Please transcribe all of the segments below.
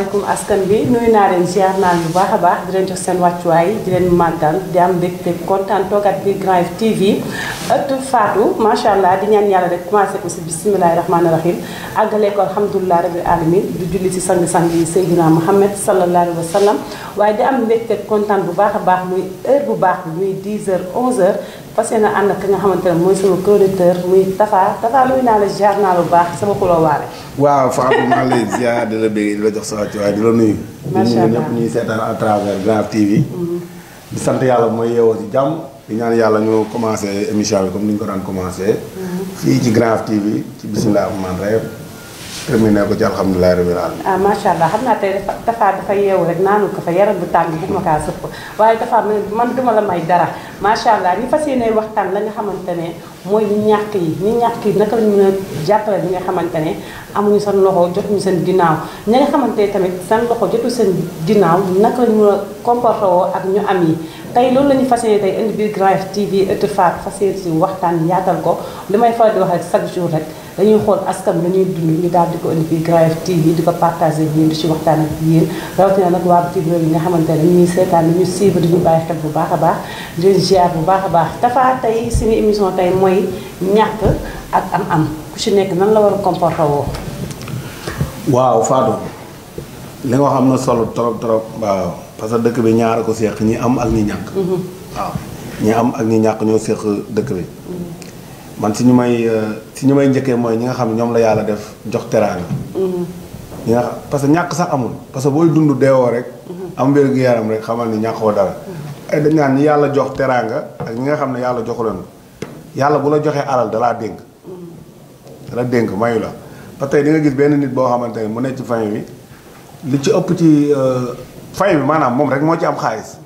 maaleykum askan bi nuyu naa leen ziar naa bu baax a baax di leen jox seen wàccuwaay di leen màggal di am mbégte kontaan toogaat bi Grand Yoff TV ëtt Fatou macha allah di ñaan yàlla rek commencé ko si bisimilahi rahmaani rahim àggale ko alhamdulilah rabil alamin di julli si sang-sang yi Seydina Mouhamed sallallahu alayhi wa sallam waaye di am mbégte kontaan bu baax a baax muy heure bu baax bi muy 10 heures 11 heures fas yéene ànd ak nga xamante ne mooy sama producteur muy Tafa Tafa nuyu naa la ziar naa lu baax sama xuloo waale. waaw Fatou maa lay ziar di la bëgg di la jox sa wàccuwaay di la nuyu. macha allah di nuyu ñëpp ñuy seetaan à travers Grand TV. Mm-hmm. sant yàlla mooy yeewoo ci jàmm. di ñaan yàlla ñu commencé émission bi comme ni ko daan commencer mm-hmm. fii ci Grand TV ci bisimilah man rahim. terminé ko ci alhamdulilah rabbil alamin ah, macha allah xam naa tey dafa dafa dafa yeewu rek naanu ko fa yaram bu tàng bu ma kaa sëpp waaye dafa man duma la may dara macha allah ñu fas yéene waxtaan la nga xamante ne mooy ñàkk yi ñi ñàkk yi naka la ñu nga xamante ne amuñu seen loxo jotuñu seen ginnaaw ñi xamante ne tamit seen loxo jotu seen ginnaaw naka la ñu mën ak ñu am yi tey loolu la ñu fas yéene tey indi biir Grand Yoff fas yéene si waxtaan yaatal ko li may faral di wax rek chaque rek dañuy xool askan lañuy dund ñu daal di ko indi fii Grand Yoff TV di ko partagé ak yéen di ci waxtaan ak yéen rawatina nag waa bitim réew yi nga xamante ne ñuy seetaan ñu suivre di ñu bàyyi xel bu baax a baax di bu baax a baax dafa tey suñu émission tey mooy ñàkk ak am-am ku ci nekk nan la war a comporté woo. waaw Fatou li nga xam na solo trop trop waaw parce que dëkk bi ñaar ko seq ñi am ak ñi ñàkk. Mm-hmm. waaw ñi am ak ñi ñàkk ñoo seq dëkk bi. Mm-hmm. man si ñu may si euh, ñu may njëkkee mooy ñi nga xam ñoom la yàlla def jox teraanga. Mm-hmm. ñi nga xam parce que ñàkk sax amul parce que booy dund deewoo rek. Mm-hmm. am wér gu yaram rek xamal ni ñàkkoo dara. Mm-hmm. ay dañ ñi yàlla jox teraanga ak ñi nga xam ne yàlla joxu leen yàlla bu la joxee alal dalaa dénk. dala dénk mayu la parce que tey di nga gis benn nit boo xamante ne mu ne ci famille bi li ci ëpp ci euh, famille bi maanaam moom rek moo ci am xaalis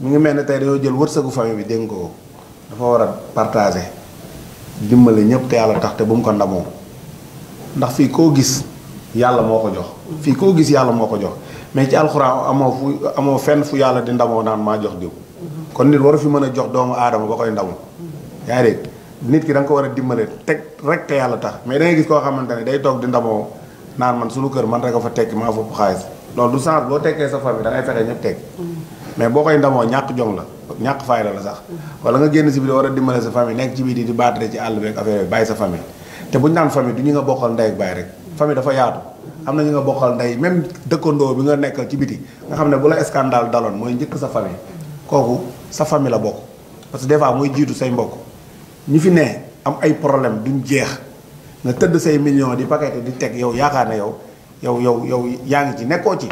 mu ngi mel ne tey dañoo jël wërsëgu famille bi dénk ko dafa war a partager. dimbale ñëpp te yàlla tax te bu mu ko ndamoo ndax fii koo gis yàlla moo ko jox fii koo gis yàlla moo ko jox mais ci alxuraan amoo fu amoo fenn fu yàlla di ndamoo naan maa jox diw kon nit waru fi mën a jox doomu aadama ba koy ndamoo yaa nit ki da ko war a dimbale teg rek te yàlla tax mais da ngay gis koo xamante ne day toog di naan man suñu kër man rek a fa tekki maa fopp xaalis loolu du sens boo tekkee sa famille da ngay fexe ñëpp tekki mm. mais boo koy ndamoo ñàkk jom la ñàkk fayda la sax wala nga génn si biir war a dimbale sa famille nekk ci biir di di baatare ci àll bi ak affaire sa famille te bu ñu naan famille du ñu nga bokkal ndey ak bàyyi rek famille dafa yaatu am na ñu nga bokkal ndey même dëkkandoo bi nga nekkal ci biti nga xam ne bu la scandale daloon mooy njëkk sa famille kooku sa famille la bokk parce que des fois mooy jiitu say mbokk ñu fi ne am ay problème duñ jeex nga tëdd say millions di paquete di teg yow yaakaar ne yow yow yow yow yaa ngi ci nekkoo ci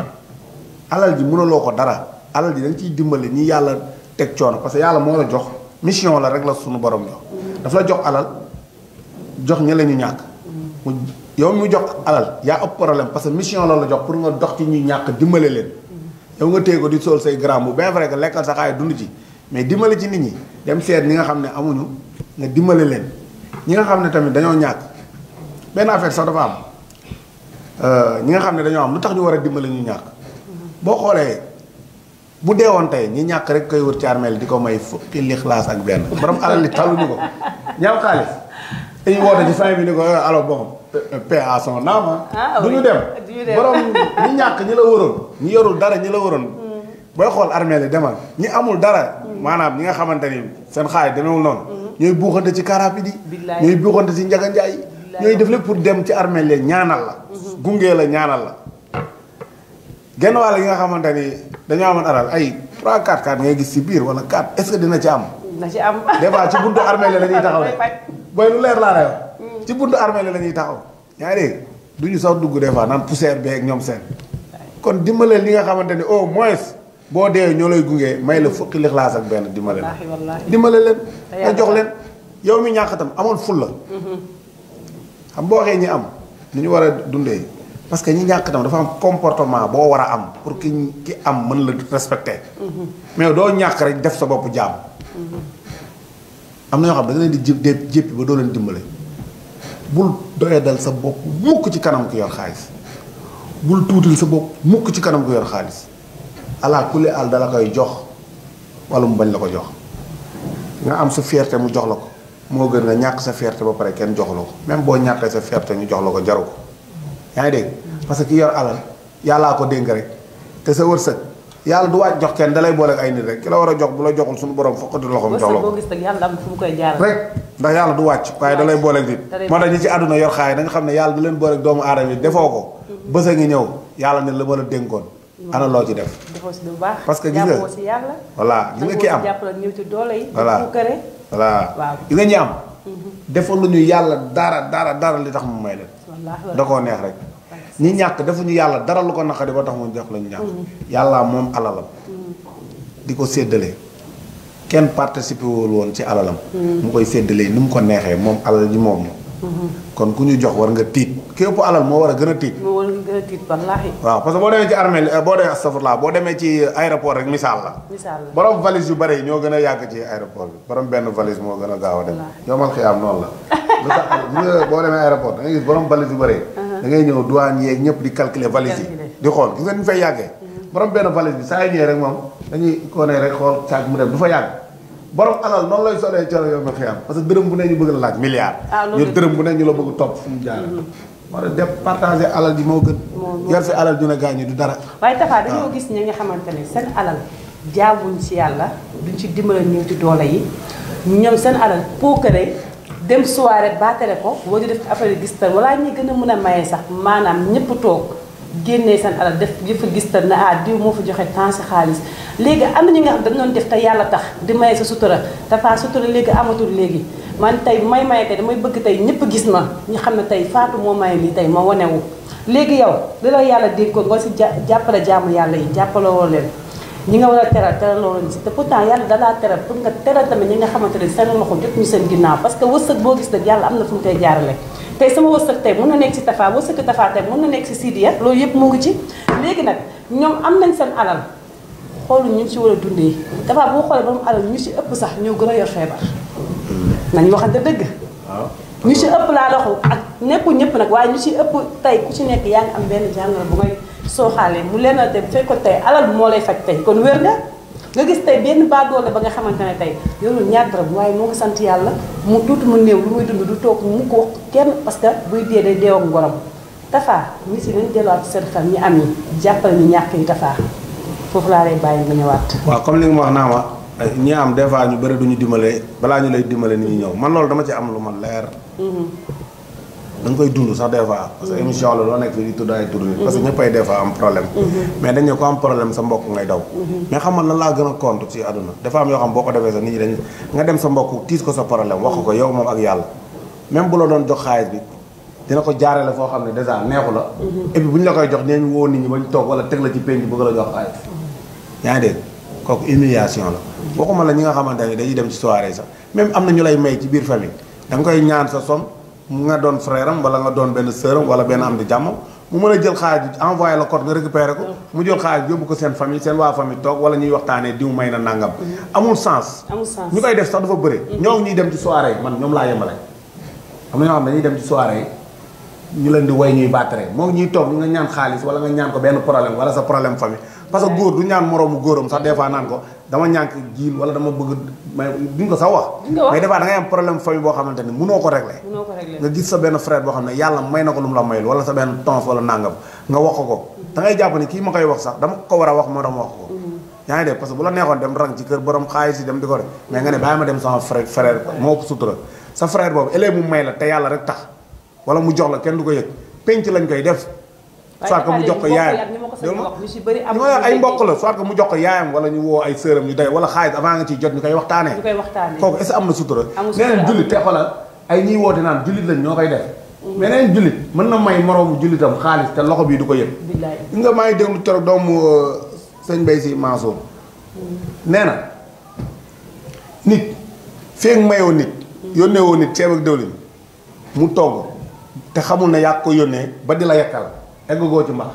alal ji mënaloo ko dara alal ji ciy dimbale ñi yàlla teg coono parce que yàlla moo la jox mission la rek la sunu borom jox daf la jox alal jox ña la ñu ñàkk mu yow mu jox alal yaa ëpp problème parce que mission la la jox pour nga dox ci ñuy ñàkk dimbale leen yow nga téye ko di sol say gram bu bien vrai que lekkal sa mais dimbale ci nit ñi dem seet ñi nga xam ne amuñu nga dimbale leen ñi nga xam ne tamit dañoo ñàkk benn affaire sax dafa am euh, ñi nga xam ne dañoo am lu tax ñu war a dimbale ñu ñàkk boo xoolee bu deewoon tey ñi ñàkk rek koy wër ci armeel di ko may fukki lixlaas ak benn borom alal li taluñu ko ñaaw xaalis dañuy woote ci fin bi ni ko eh, alors bon paix à son âme ah. ah, du ñu dem borom ñi ñàkk ñi la waroon ñi yorul dara ñi la waroon mm. booy xool armeel yi demal ñi amul dara mm. maanaam ñi nga xamante ni seen xaalis demewul noonu mm. ñooy buuxante ci karapid yi ñooy buuxante ci njaganjaay yi ñooy def lépp pour dem ci armeel yi ñaanal la mm-hmm. gungee la ñaanal la genn wàll yi nga xamanteni dañu amone aral ay 3 4 4 ngay gis ci bir wala 4 est ce que dina ci am. na ci am des ci buntu armée la ñuy taxaw de. booy lu leer la lay mm. ci buntu armée la ñuy taxaw. ñaari duñu sax dugg defa nan poussière be ak ñom sen kon dimbalé li nga xamanteni ni au moins. bo dé ñolay gungé may la fukk l'ikhlas ak benn dimbale wallahi dimbalé len ay jox len yow mi ñakatam amone ful la mm-hmm. xam bo waxee ñi am ni ñu wara dundé parce que ñi ñàkk tam dafa am comportement boo war a am pour ki ki am mën la respecté. mais doo ñàkk rek def sa bopp jaam. am na yoo xam da leen di jé jéppi ba doo leen dimbale. bul doyadal sa bopp mukk ci kanam ki yor xaalis bul tuuti tuutil sa bopp mukk ci kanam ku yor xaalis ala kulli àll dala koy jox wala mu bañ la ko jox nga am sa fierté mu jox la ko moo gën nga ñàkk sa fierté ba pare kenn joxu la ko même boo ñàkkee sa fierté ñu jox la ko jar ko. yaa ngi dégg parce que ki yor alal yàllaa ko dénk rek te sa wërsëg yàlla du waaj jox kenn dalay boole ay nit rek ki la war a jox bu la joxul suñu borom fokkati loxoom jox la ko rek ndax yàlla du wàcc waaye dalay boole di nit moo tax àdduna yor xaay da xam ne yàlla da leen boole doomu aadama yi defoo ko mhm. bés a ngi ñëw yàlla ne la ma la dénkoon mhm. ana loo ci def parce que gis nga voilà gis nga ki am voilà voilà gis nga ñi am mhm. defoon lu ñu yàlla dara dara dara li tax mu may leen da koo neex rek ñu ñàkk defuñu yàlla dara lu ko naqari ba tax mu jox lañu ñàkk mm. yàlla moom alalam mm. di ko séddale kenn participé wul woon ci alalam mm. mu koy séddalee ni mu ko neexee moom alal ji moom kon ku ñu jox war nga tiit képp alal moo war a gën a tiit. moo war a gën a tiit wallaahi. waaw parce boo demee ci armée eh, boo demee astafurlaa boo demee ci aéroport rek misaal la. misaal borom valise yu bari ñoo gën a yàgg ci aéroport bi borom benn valise moo gën a gaaw a dem. yomal xiyaam noonu la. lu tax boo demee aéroport da ngay gis borom valise yu bari. Uh-huh. da ngay ñëw douane yeeg ñëpp di calculer valise yi. di xool gis nga ni ñu fay yàggee. Mm-hmm. borom benn valise bi saa yu ñëwee rek moom dañuy koo ne rek xool saak mu dem fa yàgg borom alal noonu lay solee coro yow ma xiyam parce que dërëm bu ne ñu bëgg la laaj milliard ñu ah, dërëm bu ne ñu la bëgg topp fu mu jaar mm-hmm. moo def partagé alal ji moo gën yar fi alal ñu ne gaañu du dara ah. gis ñi nga xamante ne seen alal jaabuñ ci yàlla duñ ci dimbale ñëw ci doole yi ñoom seen alal pookare dem soirée baatale ko woo di def affaire gis tal wala ñi gën a mën a maye sax maanaam ñëpp toog génnee seen alal def yëfa gis te ne ah diw moo fa joxe temps si xaalis léegi am na ñi nga xam dañ doon def te yàlla tax di maye sa sutura te faa sutura léegi amatul léegi man tey may maye tey damay bëgg tey ñëpp gis ma ñu xam ne tey Fatou moo maye lii tey ma wanewu léegi yow li la yàlla dénkoon nga si jàppale jaamu yàlla yi jàppalewoo leen ñi nga war a teral teral loolu si te pourtant yàlla dalaa teral pour nga teral tamit ñi nga xamante ne seen loxo jot ñu seen ginnaaw parce que wërsëg boo gis nag yàlla am na fu mu koy jaarale tey sama wërsëg tey mën na nekk si Tafa wërsëg na loolu yëpp mu ngi ci léegi nag ñoom am nañ seen alal xooluñ ñu si war a dundee Tafa boo xoolee ba mu alal ñu si ëpp sax ñoo gën a yor feebar nañ waxante dëgg ñu si ëpp laa loxo ak nekkul ñëpp nag waaye ñu si ëpp tey ku si nekk yaa ngi am benn jàngoro bu ngay soo xaalee mu leen a dem ko tey alal bi moo lay faj tey kon wér nga nga gis tey benn baadoole ba nga xamante ne tey yorul ñaar dërëm waaye moo ngi sant yàlla mu tuuti mu néew lu muy dund du toog mu ko kenn parce que buy dee day deew ak ngorom tafaa mi si nañ delluwaat seen xel ñi am yi jàppale ñu ñàkk yi tafaa foofu laa lay bàyyi nga ñëwaat. waaw comme li nga ma wax naa ma ñi am des fois ñu bëri duñu dimbale balaa ñu lay dimbale ni ñu ñëw man loolu dama ci am lu ma da koy dund sax des fois parce que mm-hmm. émission la loo nekk fii di tudd ay tour mm-hmm. parce que ñëppay des fois am problème mm-hmm. mais dañ ko am problème sa mbokk ngay daw mais xam nga laa gën a compte ci àdduna dafa am yoo xam boo ko defee nga dem sa mbokk tiis ko sa problème wax ko yow moom ak yàlla même bu la doon jox xaalis bi dina ko jaaree la foo xam ne dèjà neexu la et bu ñu la koy jox dinañ woo nit ñi ñu toog wala teg la ci penc bëgg la jox xaalis yaa ngi dégg kooku humiliation la waxuma la ñi nga xamante ne dañuy dem ci soirée sax même am na lay may ci biir famille da nga koy ñaan sa som mu nga doon frère am nga doon benn sœur am wala benn am di jàmmam mu mën a jël xaalis bi envoyé la code nga récupéré ko mu jël xaalis yóbbu ko seen famille seen waa famille toog wala ñuy waxtaanee diw may na nangam. Mm-hmm. amul sens. amul sens ñu koy def sax dafa bëri. Mm-hmm. ñoo ñuy dem ci soirée man ñoom laa yemale. xam na ñoo xam ne dañuy dem ci soirée ñu leen di way ñuy battre moom ñuy toog ñu nga ñaan xaalis wala nga ñaan ko benn problème wala sa problème famille. parce que góor du ñaan moroomu góoram sax des fois naan ko dama ñank giil wala dama bëgg may duñ ko sax wax mais dafa da ngay am problème xamanteni mëno ko régler mëno ko régler nga gis sa ben frère bo xam yalla may nako lum la mayul wala sa ben tonf wala nangam nga wax ko mm-hmm. da ngay japp ni ki ma koy wax sax dama ko wara wax mo dama wax mm-hmm. def parce que bu la neexon dem rang ci kër borom dem diko rek mais nga ne dem sama frère frère moo ko sutura sa frère bobu élève mu may la te yalla rek tax wala mu jox la kenn du ko penc lañ koy def soit que mu jox ko yaayam ay mbokk la soit que mu jox ko yaayam wala ñu woo ay sëram ñu day wala xaalis avant nga ciy jot ñu koy waxtaanee kooku est-ce que am na sutura neneen jullit te xoolal ay ñiy woote naan jullit lañ ñoo koy def mais mhm. neneen jullit mën na may moroomu jullitam xaalis te loxo bii du ko yëg nga maa ngi déglu torop doomu euh, sëñ Bay Si Mansour mhm. nee na nit feek mayoo nit mhm. yónnee woo nit ceeb ak diwlin mu togg te xamul ne yaa ko yónnee ba di la yekkal goo ci mbaax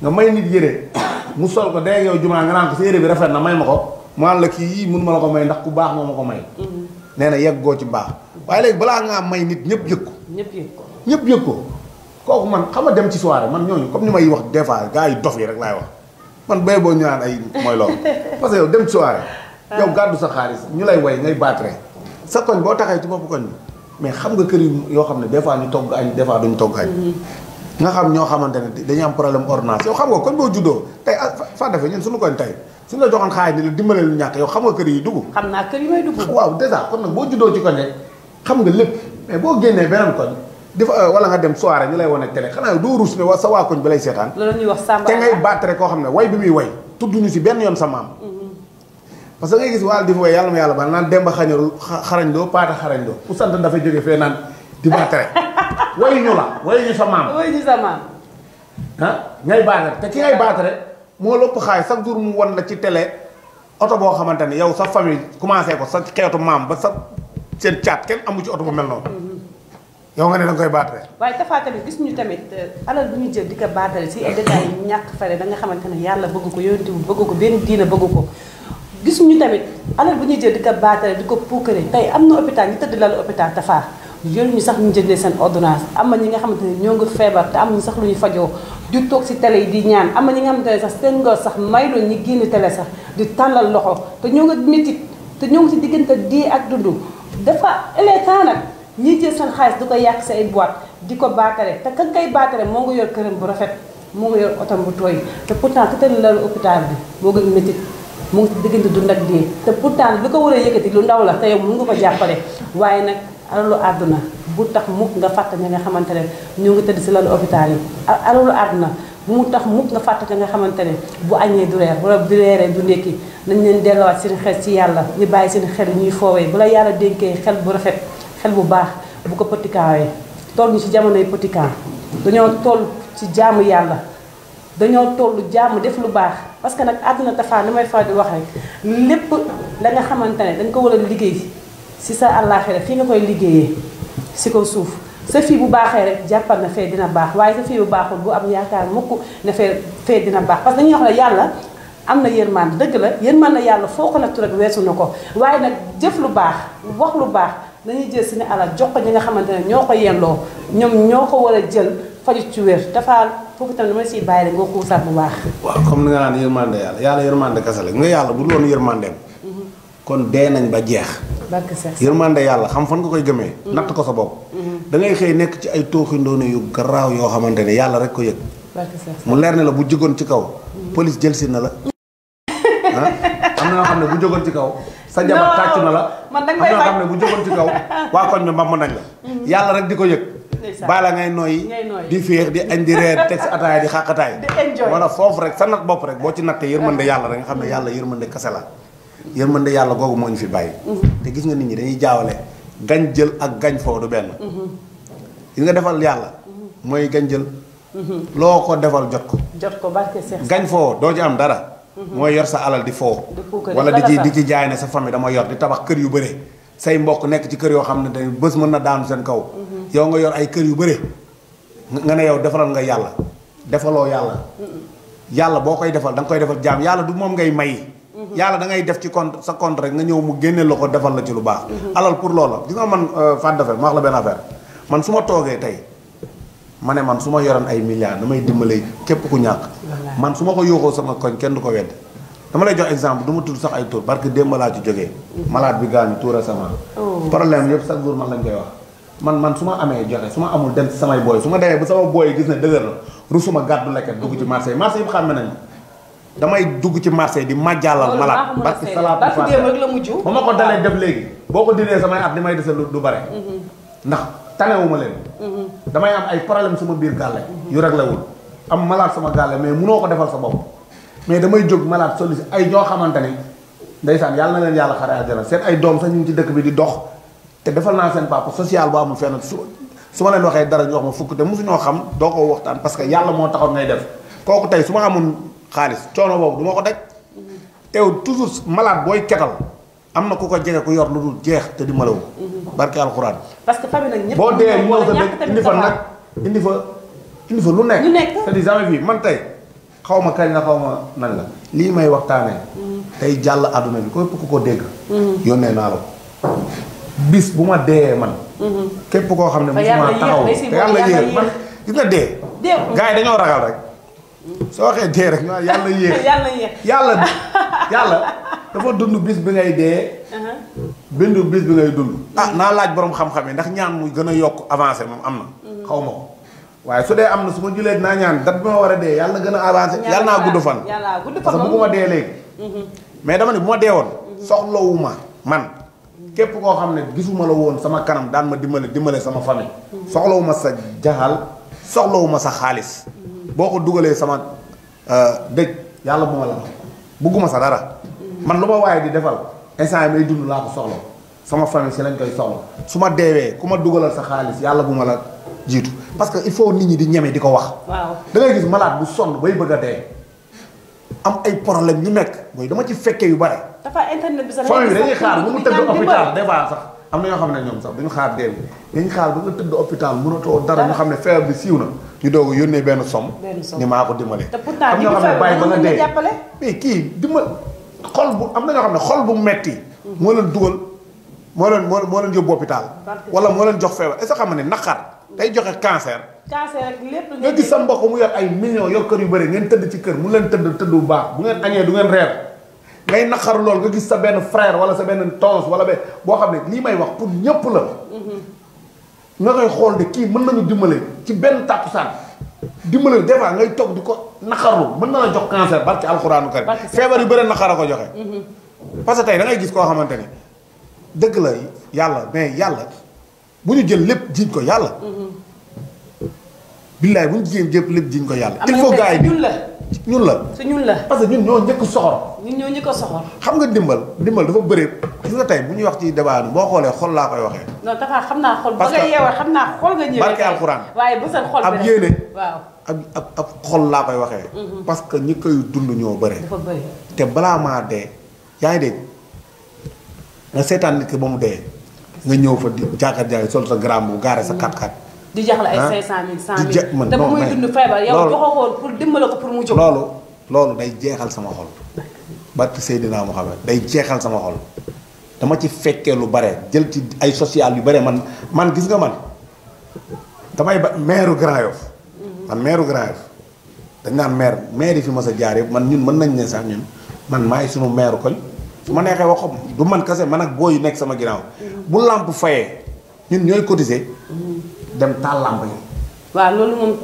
nga may nit yëre mu sol ko day yow jumaa nga naan ko sa yére bi rafet na may ma ko mu naan la kii yii mun ma la ko may ndax ku baax moo ma ko may mm-hmm. nee na goo ci mbaax waaye léegi balaa ngaa may nit ñëpp yëg ko ñëpp yëg ko ñëpp yëg ko kooku man xam nga dem ci soirée man ñooñu comme ni may wax des fois gars yi dof yi rek laay wax man bay boo ñu naan ay mooy loolu parce que dem ci soirée ah. yow gàddu sa xaalis ñu lay way ngay baatre sa koñ boo taxee ci bopp koñ mais xam nga kër yoo xam ne des fois ñu togg añ des fois duñu togg añ mm-hmm. nga xam ño xamantene ne dañuy am problème ordonnance yow xam nga kon bo juddoo tay ah, fa dafa ñun suñu koñ tay suñu la joxon xaalis ni la dimbale lu ñak yow xam nga kër yi dugg xam na kër yi may dugg waaw déjà kon nak bo juddoo ci koñ rek xam nga lepp mais bo génné beneen koñ difa euh, wala nga dem soirée ñu lay wane télé xanaa doo rus wa sa wa koñ bi lay seetaan loolu ñuy wax samba té ngay battre ko xamné way bi muy way tuddu ñu ci benn yoon sa mam mm-hmm. parce que ngay gis waal di fa way yàlla ma yàlla ba naan demba xañarul xarañ doo paata xarañ do ku sant dafa joggé fé nan di battre wayuñu la wayuñu sa maam. wayuñu sa maam. ah ngay baatare te ki ngay baatare moo lëpp xaay chaque jour mu wan la ci télé oto boo xamante ni yow sa famille commencé ko sa xeetu maam ba sax seen caat kenn amu ci oto bu mel noonu. Mm-hmm. ne danga koy baatare. waaye Tapha gis ñu tamit euh, alal bu ñu jël di ko baatare si ay détails yu ñàkk fare da nga yàlla bëgg ko yonent bi bëgg ko benn diina bëgg ko. gis ñu tamit alal bu ñuy jël di ko baatare di ko puukare tey am na hôpital ñu tëdd lal hôpital Tapha. jëluñu sax ñu jëndee seen ordonnance am na ñi nga xamante ne ñoo ngi feebar te amuñu sax lu ñu fajoo di toog si télé yi di ñaan am na ñi nga xamante ne sax seen ngor sax may doon ñu génn télé sax di tàllal loxo te ñoo ngi métit te ñoo ngi si diggante dee ak dund dafa életan nag ñiy jël seen xaalis di ko yàq si ay di ko baatare te kan kay baatare moo ngi yor këram bu rafet moo yor otom bu tooy te pourtant te teel lalu hôpital bi moo gën métit mu ngi si diggante dund ak dee te pourtant li ko war a yëkkati lu ndaw la te yow mun nga ko jàppale waaye nag alalu àdduna bu tax mukk nga fàtte ñi nga xamante ne ñu ngi tëdd si lalu hôpital yi alalu àdduna bu mu tax mukk nga fàtte ñi nga xamante ne bu añee du reer wala du reeree du ndékki nañ leen delluwaat seen xel ci yàlla ñu bàyyi seen xel ñuy foowee bala yàlla dénkee xel bu rafet xel bu baax bu ko potikaawee toll ñu ci jamonoy potikaan dañoo toll ci jàmm yàlla dañoo toll jàmm def lu baax parce que nag àdduna dafa li may faral di wax rek lépp la nga xamante ne dañ ko war a liggéey si sa àllaaxira fii nga koy liggéeyee si ko suuf sa fii bu baaxee rek jàppal na fee dina baax waaye sa fii bu baaxul bu am yaakaar mukk ne fee fee dina baax parce que dañuy wax ne yàlla am na yërmande dëgg la yërmande yàlla foo ko nattu rek weesu na ko waaye nag jëf lu baax wax lu baax dañuy jël suñu alal jox ko ñi nga xamante ne ñoo ko yendoo ñoom ñoo ko war a jël faju ci wér dafa foofu tamit dama siy bàyyi rek nga xuusaat bu baax. waaw comme ni nga naan yërmande yàlla yàlla yërmande kese la nga yàlla kon dee nañ ba jeex. yërmande yàlla xam fan nga koy gëmee. Mm-hmm. natt ko sa bopp. Mm-hmm. dangay ngay xëy nekk ci ay tooxi ndoone yu garaaw yoo xamante ne yàlla rek ko yëg. mu leer ne la bu jógoon ci kaw. Mm-hmm. police jël si na la. am na xam ne bu jógoon ci kaw. sa jabar na la. man ne bu jógoon ci kaw. waa koñ bi mbàmm nañ la. yàlla rek di ko yëg. baalaa ngay nooy di féex di añ di reer teg si ataaya di xàqataay. di enjoy wala foofu rek sa nat bopp rek boo ci nattee ah. yërmande yàlla rek nga xam ne yàlla yërmande kase la yërmande yàlla googu moo ñu fi bàyyi. Mm-hmm. te gis nga nit ñi dañuy jaawale gañ jël ak gañ foo du benn. yi mm-hmm. nga defal yàlla. Mm-hmm. mooy gañ jël. loo ko defal jot ko. jot ko barke Seex gañ foo doo ci am dara. mooy yor sa alal di foo wala di ci di ci jaay sa famille dama yor di tabax kër yu bëre say mbokk nekk ci kër yoo xam ne te bës mën na daanu seen kaw yow nga yor ay kër yu bëre nga ne yow defaral nga yàlla defaloo yàlla yàlla boo koy defal da koy defal jaam yàlla du moom ngay may yàlla da ngay def ci compte sa compte rek nga ñëw mu génnee la ko defal la ci lu baax. Mhm. alal pour loola gis nga man euh, Fatou Daffé ma wax la benn affaire man su ma toogee tey ma ne man su ma yoroon ay milliards damay dimbalee képp ku ñàkk. man su ma ko yóoxoo sama koñ kenn du ko wedd dama lay jox exemple du ma sax ay tur parce que démb laa ci jógee. Mhm. malade bi gaañu tout récemment. Oh. problème yëpp chaque jour man lañ koy wax. man man su ma amee joxe su ma amul dem samay booy su ma demee bu sama booy gis ne dëgër la rusuma gàddu leket dugg ci marché yi marché yëpp xam nañu damay dugg ci marché di majjaalal malaat barki la ba ma ko dalé def légui boko dilé sama at li may dese du bare mhm. ndax tanewuma leen mhm. damay am ay problème mhm. sama biir galé yu réglewul am malat sama galé mais mëno ko défal sa bop mais damay jog malat solis ay ñoo xamantani ndaysan yalla na len yalla xara àjjana sen ay dom sax ñu ci dëkk bi di dox té défal na sen papa social bu amul fenn su su ma leen dara ñu wax ma fukk te ñoo xam doo ko waxtaan parce que yalla mo taxaw ngay def koku tay suma ma xaalis coono boobu du ma ko daj. teew toujours malaat booy ketal am na ku ko jege ku yor lu dul jeex te di malawu. barke alxuraan. parce que famille nag ñëpp boo dee moo sa indi fa nag indi fa indi fa lu nekk. lu nekk cest à man tey xaw ma kañ la xaw ma nan la. lii may waxtaanee. Mm-hmm. tey jàll àdduna bi képp ku ko dégg. Mm-hmm. yónnee naa la ko. bis bu ma dee man. Mm-hmm. képp koo xam ne musuma taxaw te yàlla yéex man gis nga dee. gaa dañoo ragal rek. soo waxee dee rek ma yàlla yéex yàlla yéex yàlla yàlla dafa dund bis bi ngay dee uh-huh. bindu biis bi ngay dund ah naa laaj boroom xam-xam yi ndax ñaan mu gën a yokk avancé moom am na mm-hmm. xaw ma ko waaye su dee am na su ma julee dinaa ñaan dat bi ma war a dee yàlla gën a avancé yàlla naa gudd fan parce que bugguma dee léegi mm-hmm. mais dama ne bu ma dee woon mm-hmm. soxlawuma man képp koo xam ne gisuma la woon sama kanam daan ma dimbale dimbale sama famille soxlawuma sa jaxal soxlawuma sa xaalis boo ko dugalee sama euh, dëj yàlla bu ma la bugguma sa dara man lu ma waaye di defal instant yi may dund laa ko soxla sama famille si lañ koy soxla su ma deewee ku ma dugalal sa xaalis yàlla bu ma la jiitu parce que il faut nit ñi di ñeme di ko wax. waaw da gis malaat bu sonn booy bëgg a dee am ay problème yu nekk mooy dama ci fekkee yu bare. dafa internet bi sax dañuy xaar bu mu tëdd hôpital des fois sax. am na ñoo xam ne ñoom sax duñu xaar dee dañu xaar ba nga tëdd hôpital mënatoo dara ñu xam ne feebar bi siiw na ñu doog yónnee benn somme ni maa ko dimbale te am kii dimbal xol bu am na ñoo xam ne xol bu metti moo leen dugal moo leen moo moo leen yóbbu hôpital wala moo leen jox feebar est-ce que xam ne naqar day joxe cancer cancer ak lépp nga gis sa mbokk mu yor ay millions yor kër yu bëri ngeen tëdd ci kër mu leen tëdd tëdd bu baax bu ngeen añee du ngeen reer ngay naqar lool nga gis sa benn frère wala sa benn tons wala benn boo xam ne lii may wax pour ñëpp la. nga koy xool de kii mën nañu dimbale ci benn tàkkusaan dimbale des fois ngay toog di ko naqarlu mën na la jox cancer barki alxuraanu karim feebar yu bëri naqar a ko joxe. Mm-hmm. parce que tey da ngay gis koo xamante ne dëgg la yàlla mais yàlla bu ñu jël lépp jiiñ ko yàlla. Mm-hmm. billaay bu ñu jigéen jëpp lépp jiñ ko yàlla. il faut gars yi ñun la ñun la. su ñun la parce ñun ñoo njëkk soxor. xam nga dimbal dimbal dafa bëri gis nga tey bu ñuy wax ci débat boo xoolee xol laa koy waxee. xam naa xol. parce que ba nga yeewal xol laa koy waxee. Mhm. parce que ñi koy dund ñoo bëri. te balaa maa dee yaa ngi dégg nga seetaan nit ki ba mu dee nga ñëw fa di jàkkaar jaay sol sa gramme bu gaare sa kat mhm. kat di jax la ay 500000 100000 di ja man non mais te bu muy dund feebar yow joxoo woon loolu day jeexal sama xol. barke Seydina Muhammad day jeexal sama xol dama ci fekkee lu bare jël ci ay social yu bare man man gis nga man damay ba maire Grand Yoff mm-hmm. man dañ naan maire maire fi mas a man ñun mën nañ ne sax ñun man maay sunu maire koñ su ma neexee waxam du man kase man ak boo nekk sama ginnaaw mm-hmm. bu làmp fayee ñun ñooy cotiser mm-hmm. dem taal làmb yi. waaw loolu moom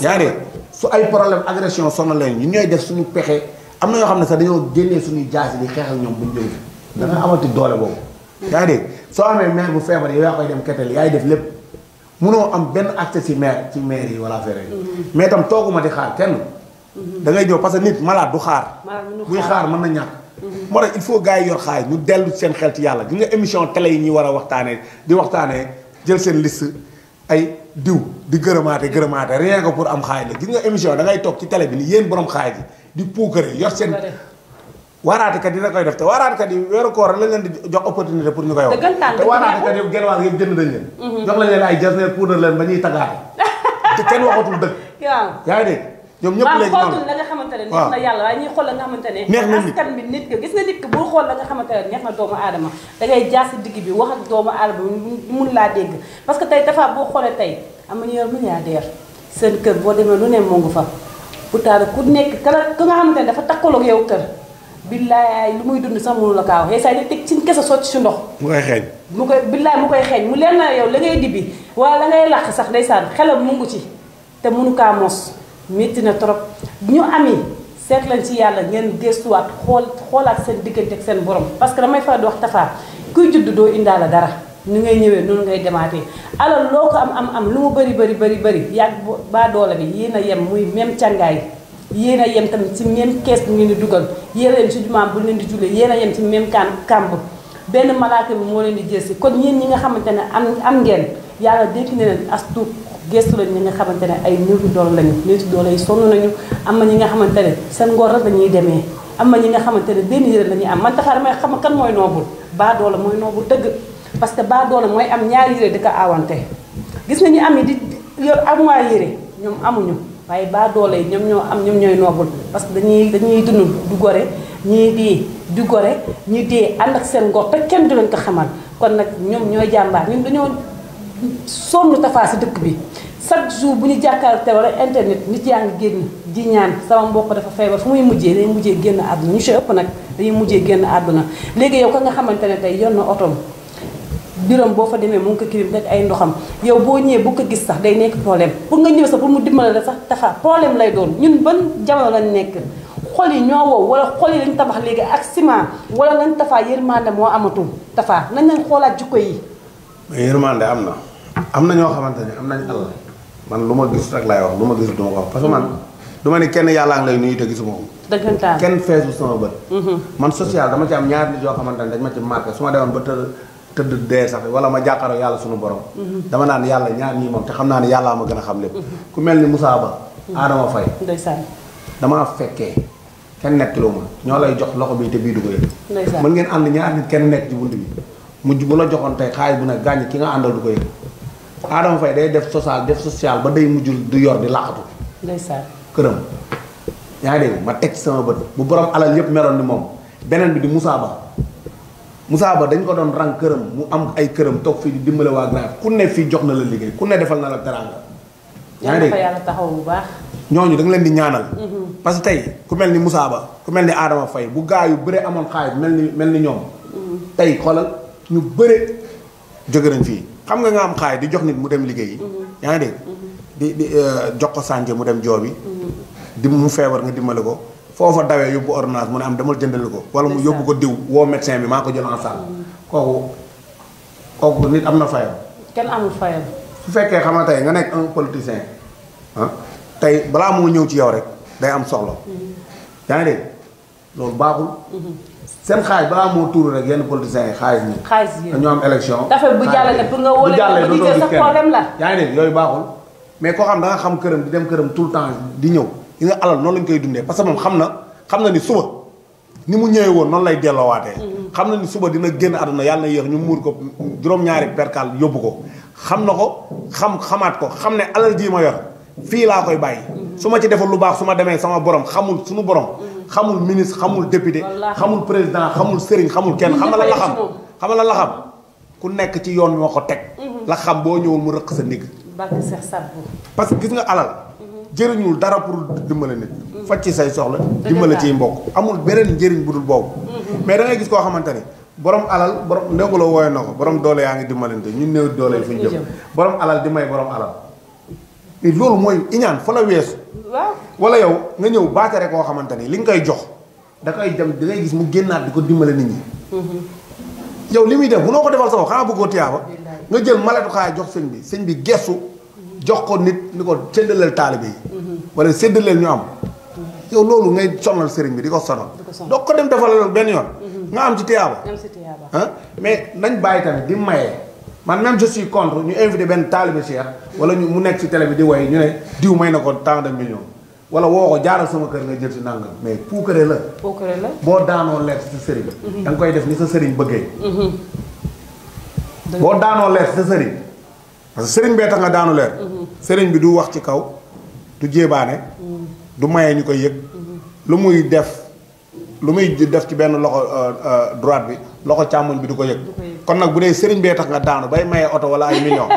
yaa ngi su ay problème agression sonal leen ñun ñooy def suñu pexe am na ñoo xam ne sax dañoo génnee suñuy jaasi di xeexal ñoom bu ñu jógee. da nga doole boobu. yaa ngi dégg soo amee maire bu feebar yi yaa koy dem kettal yaay def lépp munoo am benn accès ci maire ci maire yi wala fere yi. Mm-hmm. mais tam tooguma di xaar kenn. Mm-hmm. da ngay ñëw parce que nit malade du xaar. buy xaar mën na ñàkk. Mm-hmm. moo tax il faut gars yi yor xaay ñu dellu seen xel ci yàlla gi nga émission télé yi ñuy war a waxtaanee di waxtaanee jël seen liste. ay diw di gërëmaate gërëmaate rien que pour am xaay la gis nga émission da toog ci télé bi ni yéen borom xaay ji di puukare yor seen. waaraatekat yi da koy def te waaraatekat yi weeru koor la leen di jox opportunité pour ñu koy wax. dëggantaan te waaraatekat yëpp genn wàll yëpp jënd nañ leen. Mhm. jox lañ leen ay jas ne puudar leen ba ñuy taggaate. te kenn waxatul dëgg. waaw ñoom ñëpp léegi noonu waaw xamante ne neex na yàlla waaye ñuy xool la nga xamante ne neex na askan bi nit ka ne na doomu aadama da ngay jaar si digg bi wax ak doomu aadama mun laa dégg parce que tey dafa boo xoolee tey am na ñoo milliardaire seen kër boo demee lu ne moo ngi fa pourtant ku nekk kala ku nga xamante ne dafa takkaloo ak yow kër billaay lu muy dund sax mënu la kaa wax yee saa yi teg ci kese socc si ndox mu koy xeeñ mu koy billaay mu koy xeeñ mu leen na yow la ngay dibi wala la ngay làq sax ndeysaan xelam mu ngi ci te mënu kaa mos metti na torop ñu ami set lañ ci yalla ngeen xol xol ak seen diggante ak seen borom parce que damay fa di wax tafaar judd do indala dara ni ngay ñëwé noonu ngay dématé ala loko am am am lu mu bari bari bari bari yàgg ba doole bi yéen yem muy même càngaay yena yem tam ci même kees ñu ni duggal dugal yem ci juma bu leen di julee yéen yem ci même kan kamb ben malaka bi moo leen di jéssi kon ñeen ñi nga xamantene am am ngeen yalla dénk ne leen gestu lañ ñi nga xamante ne ay néew doole lañu néew doole yi sonn nañu am na ñi nga xamante ne seen ngor rek dañuy demee am na ñi nga xamante ne benn yére lañuy am man taxaar may xam kan mooy noobul baa doole mooy noobul dëgg parce que baa doole mooy am ñaari di ko awante gis nañu am yi di yor amuwaa yére ñoom amuñu waaye baa doole yi ñoom ñoo am ñoom ñooy noobul parce que dañuy dañuy dund du gore ñii di di gore ñii di ànd ak seen ngor te kenn du lañ ko xamal kon nag ñoom ñooy jàmbaar ñun dañoo sonn tafaa si dëkk bi chaque jour bu ñu jàkkaarte wala internet nit yaa ngi génn di ñaan sama mbokk dafa feebar fu muy mujjee dañuy mujjee génn àdduna ñu si ëpp nag dañuy mujjee génn àdduna léegi yow ka nga xamante ne tey yor na otom biram boo fa demee mu ngi ko ay ndoxam yow boo ñëwee bu ko gis sax day nekk problème pour nga ñëw sax pour mu dimbale la sax tafa problème lay doon ñun ban jamono lañ nekk xol yi ñoo wow wala xol yi lañ tabax léegi ak ciment wala lañ tafaa yërmande moo amatu tafaa nañ leen xoolaat jikko yi. mais yërmande am na. am na ñoo xamante ne am nañ àll man lu ma gis rek laay wax lu ma gis duma ko wax parce que man du ma ne kenn yàllaa ngi lay nuyu te gisuma ko. dëggantaan kenn feesu sama bët. Mhm. man social dama ci am ñaari nit yoo xamante ne dañ ma ci marqué su ma demoon ba tëdd tëdd dee wala ma jàkkaaroo yàlla sunu borom. Mhm. dama naan yàlla ñaar ñii moom te xam naa ne yàllaa ma gën a xam lépp. Mhm. ku mel ni Moussa Ba. Adama dama ndeysaan damaa fekkee. kenn nekk loo ma ñoo lay jox loxo bi te bii du ko yëg. ndeysaan mën ngeen ànd ñaar nit kenn nekk ci bunt bi mujj bu la joxoon tey xaalis bu ne gaañ ki nga àndal du ko yëg. Adama Faye day def social def social ba day mujjul du yor di laqatu. ndeysaan këram. yaa ngi ma teg sama bët bu borom alal yëpp meloon ni moom beneen bi di Moussa Ba Moussa Ba dañ ko doon rang këram mu am ay këram toog fii di dimbale waa Grand ku ne fii jox na la liggéey ku ne defal na la teranga. yaa ngi dégg yàlla taxaw bu baax. ñooñu da leen di ñaanal. Mm-hmm. parce que tey ku mel ni Moussa Ba ku mel ni Adama fay bu gaa yu bëre amoon xaalis mel ni mel ni ñoom. Mm-hmm. tey xoolal ñu bëre nañ fii. xam nga nga am xaay di jox nit mu dem liggéeyi. Mm-hmm. yaa ngi dégg mm-hmm. di di euh, jox ko sànce mu dem joobi. Mm-hmm. di mu feebar nga dimbale ko. foofa dawee yóbbu ordonnance mu ne am demal jëndal ko. wala mu yóbbu ko diw woo médecin bi maa ko jël en charge. kooku kooku nit am na fayam. kenn amul fayam. su fekkee xam nga tey nga nekk un politicien ah tey balaa moo ñëw ci yow rek day am soxla. yaa ngi dégg loolu baaxul. seen xaalis balaa moo tuuru rek yenn politiciens yi xaalis ñi. xaalis ñi ñoo am élection. dafa bu jàllale pour nga wóole bu jàllale sa problème la. yaa ngi dégg yooyu baaxul mais koo xam da nga xam këram di dem këram tout le temps di ñëw yi nga alal noonu lañ koy dundee parce que moom xam na xam na ni suba ni mu ñëwee woon noonu lay delloowaatee. Mm-hmm. xam na ni suba dina génn àdduna yàlla na yéex ñu muur ko juróom-ñaari perkaal yóbbu ko xam na ko xam xamaat ko xam ne alal jii ma yor fii laa koy bàyyi su ma ci defal lu baax su ma demee sama borom xamul suñu borom xamul ministre xamul député xamul président xamul sëriñ xamul kenn xam nga lan la xam xam nga lan la xam ku nekk ci yoon moo ko teg mhm. la xam boo ñëwul mu rëq sa ndigg parce que gis nga alal mhm. jëriñul dara pour dimbale nit mhm. faj ci say soxla dimbale ciy mbokk amul beneen njëriñ bu dul boobu mais da ngay gis koo xamante ne borom alal borom ndéngaloo wooye na ko borom doole yaa ngi dimbalante ñun néew fu ñu jëm borom alal di may borom alal loolu mooy iñaan fa la weesu. waaw wala yow nga ñëw baatare koo xamante ni li nga koy jox da koy dem da gis mu génnaat di ko dimmale nit ñi. Mhm. yow li muy def mënoo ko defal sa bopp xanaa bëggoo tiyaaba nga jël maletu xaay jox sëñ bi sëñ bi gestu jox ko nit ni ko séddaleel taalibe yi. Mhm. wala séddaleel ñu am. Mhm. yow loolu ngay sonal sëriñ bi di ko sonal. doo ko dem defal loolu benn yoon. nga am ci tiyaaba. mais nañ bàyyi tamit di maye. man même je contre ñu invité benn taalibe Cheikh wala ñu mu nekk ci tele bi di woy ñu ne diw may na ko tant de millions wala woo ko jaaral sama kër nga jël ci nangam mais puukare la. puukare la boo daanoo leer ci sa sëriñ. Mhm. da koy def ni sa sëriñ bëggee. Mhm. boo daanoo leer ci sa sëriñ parce que sëriñ bee tax nga daanu leer. Mhm. sëriñ bi du wax ci kaw du jébaane. du maye ñu koy yëg. lu muy def lu muy def ci benn loxo euh, euh, droite bi loxo càmmoñ bi du ko yëg. kon nag bu dee sëriñ bee tax nga daanu bay maye oto wala ay million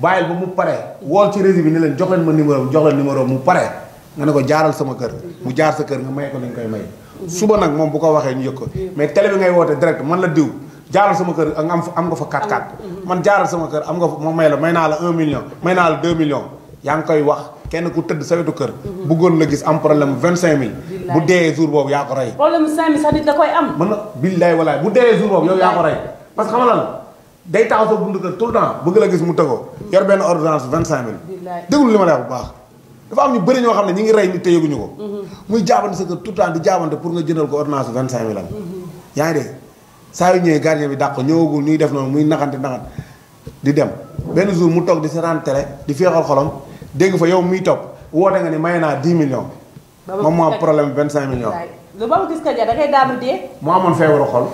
bàyyil ba mu pare wool ci réseau bi ne leen jox leen ma numéro jox leen numéro mu pare nga ne ko jaaral sama kër mu jaar sa kër nga maye ko li koy may suba nag moom bu ko waxee ñu yëg ko mais télé bi ngay woote direct man la diw jaaral sama kër am am nga fa 4 4 mm-hmm. man jaaral sama kër am nga fa ma may la may naa la 1 million may naa la 2 millions yaa ngi koy wax kenn ku tëdd sa wetu kër. bëggoon la gis am problème vingt cinq mille. bu dee jour boobu yaa ko rey. problème cinq mille sax nit da koy am. mën na billaay bu dee jour boobu yow yaa ko rey parce que xam day taxaw buntu kër tout le temps bëgg la gis mu tëggoo. yor benn ordonnance vingt cinq mille. déglu li ma la wax bu baax. dafa am ñu bëri ñoo xam ne ñu ngi rey nit te yëguñu ko. Mhm. muy jaabante sa kër tout le temps di jaabante pour nga jëndal ko ordonnance vingt cinq mille am. Mhm. yaa saa yu ñëwee gardien bi dàq ko ñëwagul ñuy def noonu muy naxante naxante di dem benn jour mu toog di seetaan télé di feexal xolam dégg fa yow mii topp woote nga ni may naa 10 millions. moom moo am problème 25 millions. lu ba mu gis ko mu amoon feebaru xol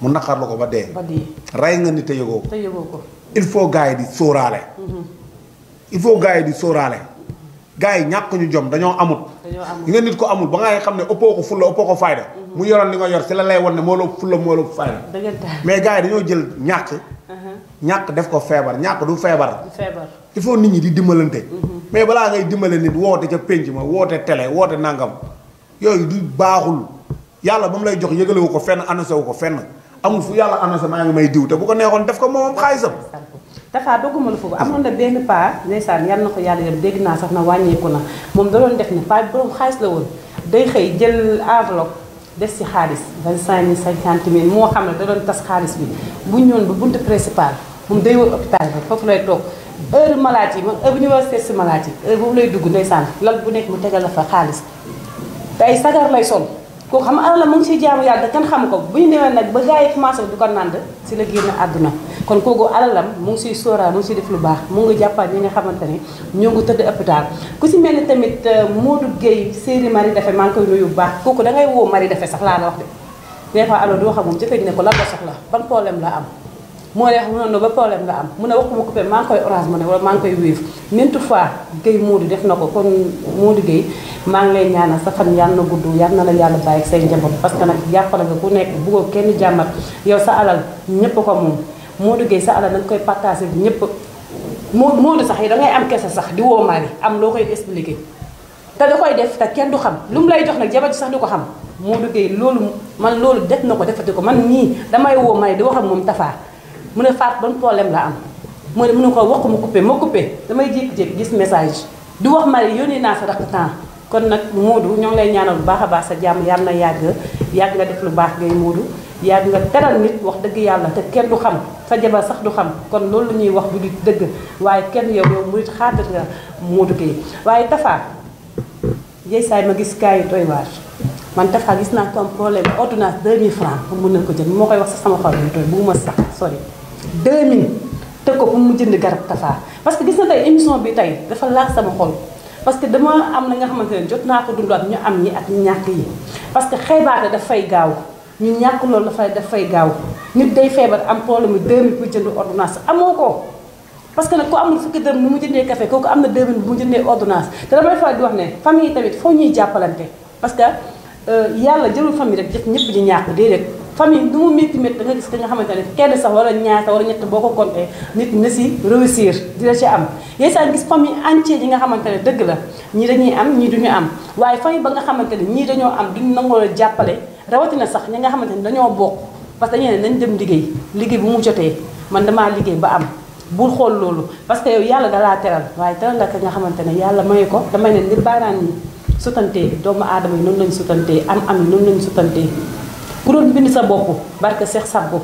mu naqar la ko ba dee. ba rey nga ni te yëgoo ko. il faut gars yi di sóoraale. Mm-hmm. il faut gars yi di sóoraale. Mm-hmm. gars yi ñàkk ñu jom dañoo amut. dañoo nga nit ko amul ba nga xam ne ëppoo ko fulla ëppoo ko fayda. Mm-hmm. mu yoroon di nga yor si la lay wan ne moo la fulla moo la fayda. mais gars yi dañoo jël ñàkk. Uh-huh. ñàkk def ko feebar ñàkk du feebar. du feebar. il faut nit ñi di dimbalante. mais balaa ngay dimbale nit woote ca penc ma woote télé woote nangam yooyu du baaxul yàlla ba mu lay jox yëgale wu ko fenn annoncé wu ko fenn amul fu yàlla annoncé maa ngi may diw te bu ko neexoon def ko moom xaalisam. dafa dogguma la foofu amoon na benn paa ndeysaan yal na ko yàlla yor dégg naa sax na wàññeeku na moom da doon def ne paa borom xaalis la woon day xëy jël enveloppe def ci xaalis vingt cinq mille cinquante mille moo xam ne da doon tas xaalis bi bu ñëwoon ba buntu principal moom day foofu lay toog. heure maladie man heure université si maladie heure boobu lay dugg ndeysaan lal bu nekk mu tegal la fa xaalis te ay sagar lay sol kooku xam alal la mu ngi si jaamu yàlla kenn xam ko bu ñu demee nag ba gars yi commencé du nand si la génn àdduna kon kooku alalam mu ngi siy sóoraal mu ngi def lu baax mu ngi jàppaat nga xamante ni ñoo ngi tëdd hôpital ku si mel ni tamit euh, Modou Gueye séeri Marie Defe maa ngi koy nuyu bu baax kooku da ngay woo Marie Defe sax laa la wax de des fois alors doo xam moom jëkkër ji ne ko lan la soxla ban problème la am moo lay wax mu ne ba problème nga am mu ne waxuma coupé maa ngi koy orange mu ne wala maa ngi koy wéef fois Guèye Modou def na ko kon Modou Guèye maa ngi lay ñaanal sa fan yàlla na gudd yàlla na la yàlla bàyyi ak say njaboot parce que nag jàppale nga ku nekk bëggoo kenn jàmmat yow sa alal ñépp ko moom Modou Guèye sa alal dañ koy partagé ñépp moo Modou sax yi dangay am kese sax di woomaale am loo koy expliqué te da def te kenn du xam lu mu lay jox nag jabar ji sax xam Modou Guèye loolu man loolu def na ko defati ko man nii damay woomaale di wax ak moom tafaa mu ne Fatou ban problème la am mu ne mu ne ko wax ma coupé ma coupé damay jékki-jékki gis message du wax Marie yónnee naa sa rakk temps kon nag Moodu ñoo ngi lay ñaanal bu baax a baax sa jàmm yàlla na yàgg yàgg nga def lu baax ngay Moodu yàgg nga teral nit wax dëgg yàlla te kenn du xam sa jabar sax du xam kon loolu la ñuy wax du dëgg waaye kenn yow yow murit xaadir nga Moodu kay waaye Tafa yéy saay ma gis kaay doy waar man Tafa gis naa ko am problème ordonnance 2000 francs mun na ko jël moo koy wax sa sama xol ma sax sori deux minutes teg ko pour mu jënd garab tasaar parce que gis na tey émission bi tey dafa laaj sama xol parce que dama am na nga xamante ne jot naa ko dund ak ñu am ñi ak ñu ñàkk yi parce que xeebaate fay gaaw ñu ñàkk loolu dafay fay gaaw nit day feebar am problème mu deux mille pour jënd ordonnance amoo ko parce que nag ku amul fukki dërëm nu mu jënde café kooku am na deux mille bu mu jëndee ordonnance te damay faral di wax ne famille tamit foo ñuy jàppalante parce que euh, yàlla jëlul famille rek ñëpp di ñàkk déedéet famille du mu métti métti da gis ki nga xamante ne kenn sax wala ñaata wala ñett boo ko compté nit na si réussir dina ci am yéen saa gis famille yi nga xamante ne dëgg la ñi dañuy am ñii duñu am waaye famille ba nga xamante ne ñii dañoo am duñ nangoo la jàppale rawatina sax ñi nga xamante ne dañoo bokk parce que dañu nañ dem liggéey liggéey bu mu jotee man damaa liggéey ba am bul xool loolu parce que yow yàlla dalaa teral waaye teral la ka nga xamante ne yàlla mayu ko damay ne li baaraan yi sutantee doomu aadama yi noonu lañ sutantee am am yi noonu lañ sutantee ku doon bind sa bopp barke Seex Sabbu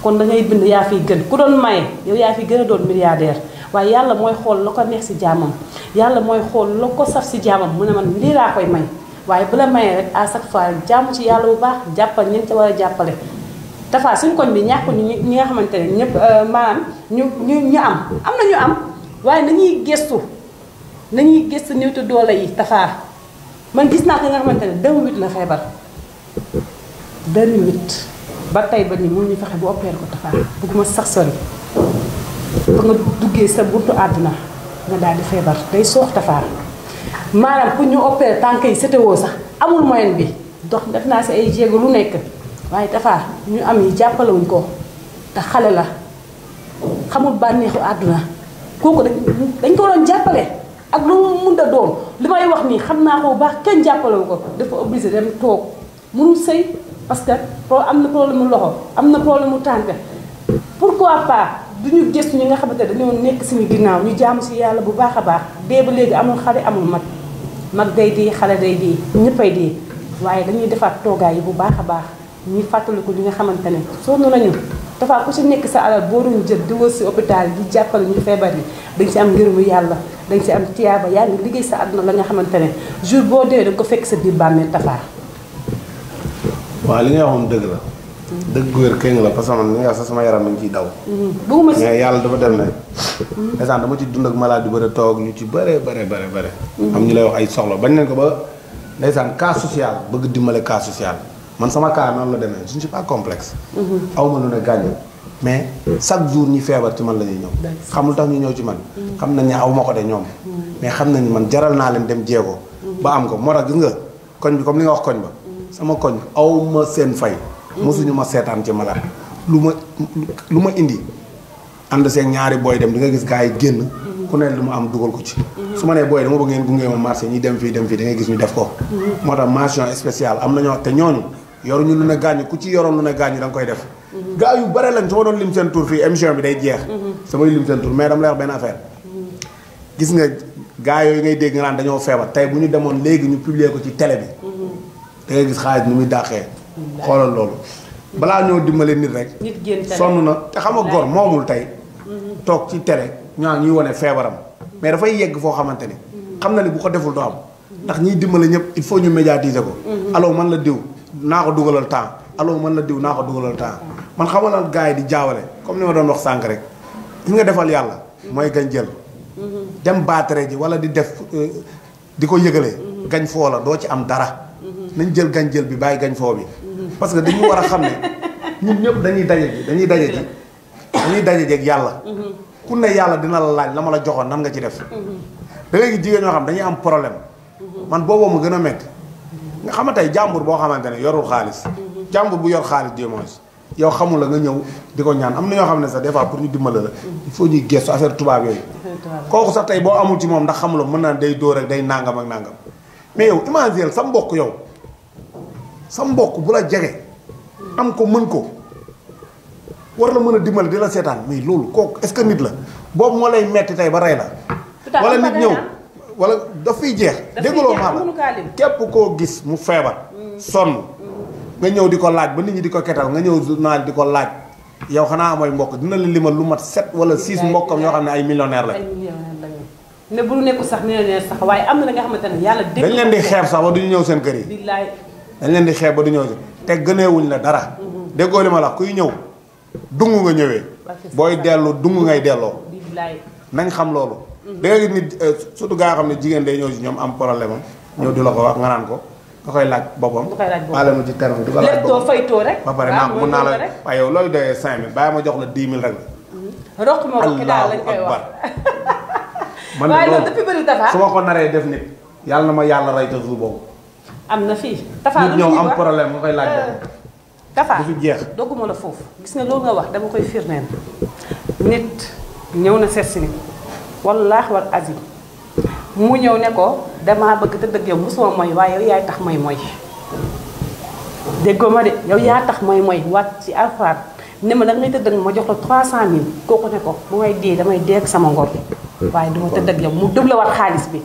kon da ngay bind yaa fiy gën ku doon maye yow yaa fi gën a doon milliardaire waaye yàlla mooy xool la ko neex si jaamam yàlla mooy xool la ko saf si jaamam mu ne man lii laa koy may waaye bu la mayee rek à chaque fois jaamu ci yàlla bu baax jàppal ñi ca war a jàppale. dafa suñ koñ bi ñàkk ñu ñi nga xamante ne ñëpp euh, maanaam ñu ñu ñu am am na ñu am waaye nañuy gëstu nañuy gëstu néew te doole yi tafaar man gis naa ko nga xamante ne 2008 la feebar. nit ba tey ba nii mënuñu fexe bu opéré ko Tapha hmm. bëgguma sax sori ba nga duggee sa buntu àdduna nga daal di feebar day soox Tapha maanaam pour ñu opéré tànk yi setewoo sax amul moyen bi dox def naa si ay jéego lu nekk waaye Tapha ñu am yi jàppalewuñ ko te xale la xamul bànneexu àdduna kooku dañ dañ ko doon jàppale ak lu mu mun a doon li may wax nii xam naa ko bu baax kenn jàppalewu ko dafa obligé dem toog mënul sëy parce que am na problème mu loxo am na problème mu tànk pourquoi pas du ñu gëstu ñi nga xamante dañoo nekk suñu ginnaaw ñu jaamu si yàlla bu baax a baax dee ba léegi amul xale amul mag mag day dee xale day dee ñëppay dee waaye dañuy defaat toogaay yi bu baax a baax ñuy fàttaliku li nga xamante ne sonn nañu dafa ko si nekk sa alal boo doon jël di wër si hôpital di jàppale ñu feebar yi dañ si am ngir ngërëmu yàlla dañ si am tiyaaba yaa ngi liggéey sa àdduna la nga xamante jour boo dee da ko fekk sa biir bàmmeel tafaar waaw li nga waxoon dëgg la. dëgg gu kéng la parce que man li nga wax sax sama yaram mi ngi daw. Mm-hmm. bëgguma si yàlla dafa dem ne. Mm-hmm. exemple dama ci dund ak maladie bëri toog ñu ci bëree bëri bare bëri. Mm-hmm. am ñu lay wax ay soxla bañ nañ ko ba ndeysaan cas social bëgg dimbale cas social man sama cas noonu la demee je ne suis pas complexe. aw ma lu ne gàññi mais chaque jour ñi feebar ci man la ñuy ñëw. xam lu tax ñu ñëw ci man. xam nañ ne aw ma ko de ñoom. mais xam nañ man jaral naa leen dem jéego. ba am ko moo tax nga koñ bi comme li wax koñ ba. sama koñ aw ma seen fay. mosuñu ma seetaan ci malade lu ma lu ma indi ànd seen ñaari booy dem di nga gis gaa yi génn. ku ne lu mu am dugal ko ci. su ma nee booy dama bëgg ngeen gunge ma marché ñi dem dem fii da ngay gis ñu def ko. moo tax mention spéciale am na ñoo te ñooñu yoruñu lu ne ku ci yoroon lu ne gaañu da nga koy def. gaa yu bare lañ su ma doon seen tour fii émission bi day jeex. samay lim mais dama lay wax benn gis nga gaa yooyu ngay dégg nga naan dañoo feebar tey bu ñu demoon léegi ñu publier ko ci tele bi. da ngay gis xaalis ni muy dàqee. xoolal loolu. balaa ñoo dimbalee nit rek. nit génn sonn na te xam a gor moomul tey. Mm-hmm. toog ci tere ñaa ñuy wane feebaram. mais dafay yegg foo xamante ni. Mm-hmm. xam na ni bu ko deful doo am. Mm-hmm. ndax ñiy dimbale ñëpp il faut ñu médiatiser ko. alors man la diw naa ko dugalal temps alors man la diw naa ko dugalal temps man xamal na gars yi di jaawale comme ni ma doon wax sànq rek fi nga defal yàlla. mooy gañ jël. dem baatare ji wala di def euh, di ko yëgale gañ foola doo ci am dara. nañ jël gañ jël bi bàyyi gañ foo bi parce que dañu war a xam ne ñun ñëpp dañuy daje ji dañuy daje ji dañuy daje jeeg yàlla ku ne yàlla dina la laaj la ma la joxoon nan nga ci def da léegi jigéen ñoo xam dañuy am problème man booboo ma gën a métti nga xam ne tey jàmbur boo xamante ne yorul xaalis jàmbur bu yor xaalis du yow xamul la nga ñëw di ko ñaan am na ñoo xam ne sax des fois pour ñu dimbale la il faut ñuy gestu affaire tubaab yooyu kooku sax tey boo amul ci moom ndax xamuloo mën naa day dóor ak day nangam ak nangam mais yow imagine sa mbokk yow sa mbokk bu la jege am ko mën ko war la mën a dimbali di la seetaan mais loolu kooku est-ce nit la boobu moo lay metti tey ba rey la wala nit ñëw ah? wala daf fiy jeex dégguloo maa la képp koo gis mu feebar mm. sonn mm. nga ñëw di ko laaj ba nit ñi di ko ketal nga ñëw journal di ko laaj yow xanaa amooy mbokk dina la limal lu mat sept wala six mbokkam yoo xam ne ay millionnaire la ne bu nekkul sax millionnaire sax waaye am na nga xamante ne yàlla dégg dañ leen di xeeb sax ba du seen kër dañ leen di xeeb ba du ñëw te gëneewuñ la dara. déggoo li ma la kuy ñëw dungu nga ñëwee. booy dellu dungu ngay delloo. nañ xam loolu. léegi nit euh, surtout gaa xam ne jigéen day ñëw si ñoom am problème am. ñëw di la ko wax nga naan ko. nga koy laaj boppam baale ma ci terme di ba pare naa naa la waaye yow looy doyee 5000 ma jox la 10 000 rek. la mm-hmm. ma roq daal su ma ko naree def nit yàlla na ma yàlla rey ca jour boobu. am na fii. Tafa lu ñëw am problème nga koy laaj boobu. Tafa du fi jeex dogguma la foofu. gis nga loolu nga wax dama koy firndeel nit ñëw na seet si nit wallaahi wal azim mu ñëw ne ko damaa bëgg te dëgg yow mosuma mooy waaye yow yaay tax may mooy déggoo ma de yow yaa tax may mooy waat ci alxuraan. ne ma da ngay tëdd ak ma jox la 300000 kooku ne ko bu may dee damay dee ak sama ngor waaye du ma tëdd ak yow mu double waat xaalis bi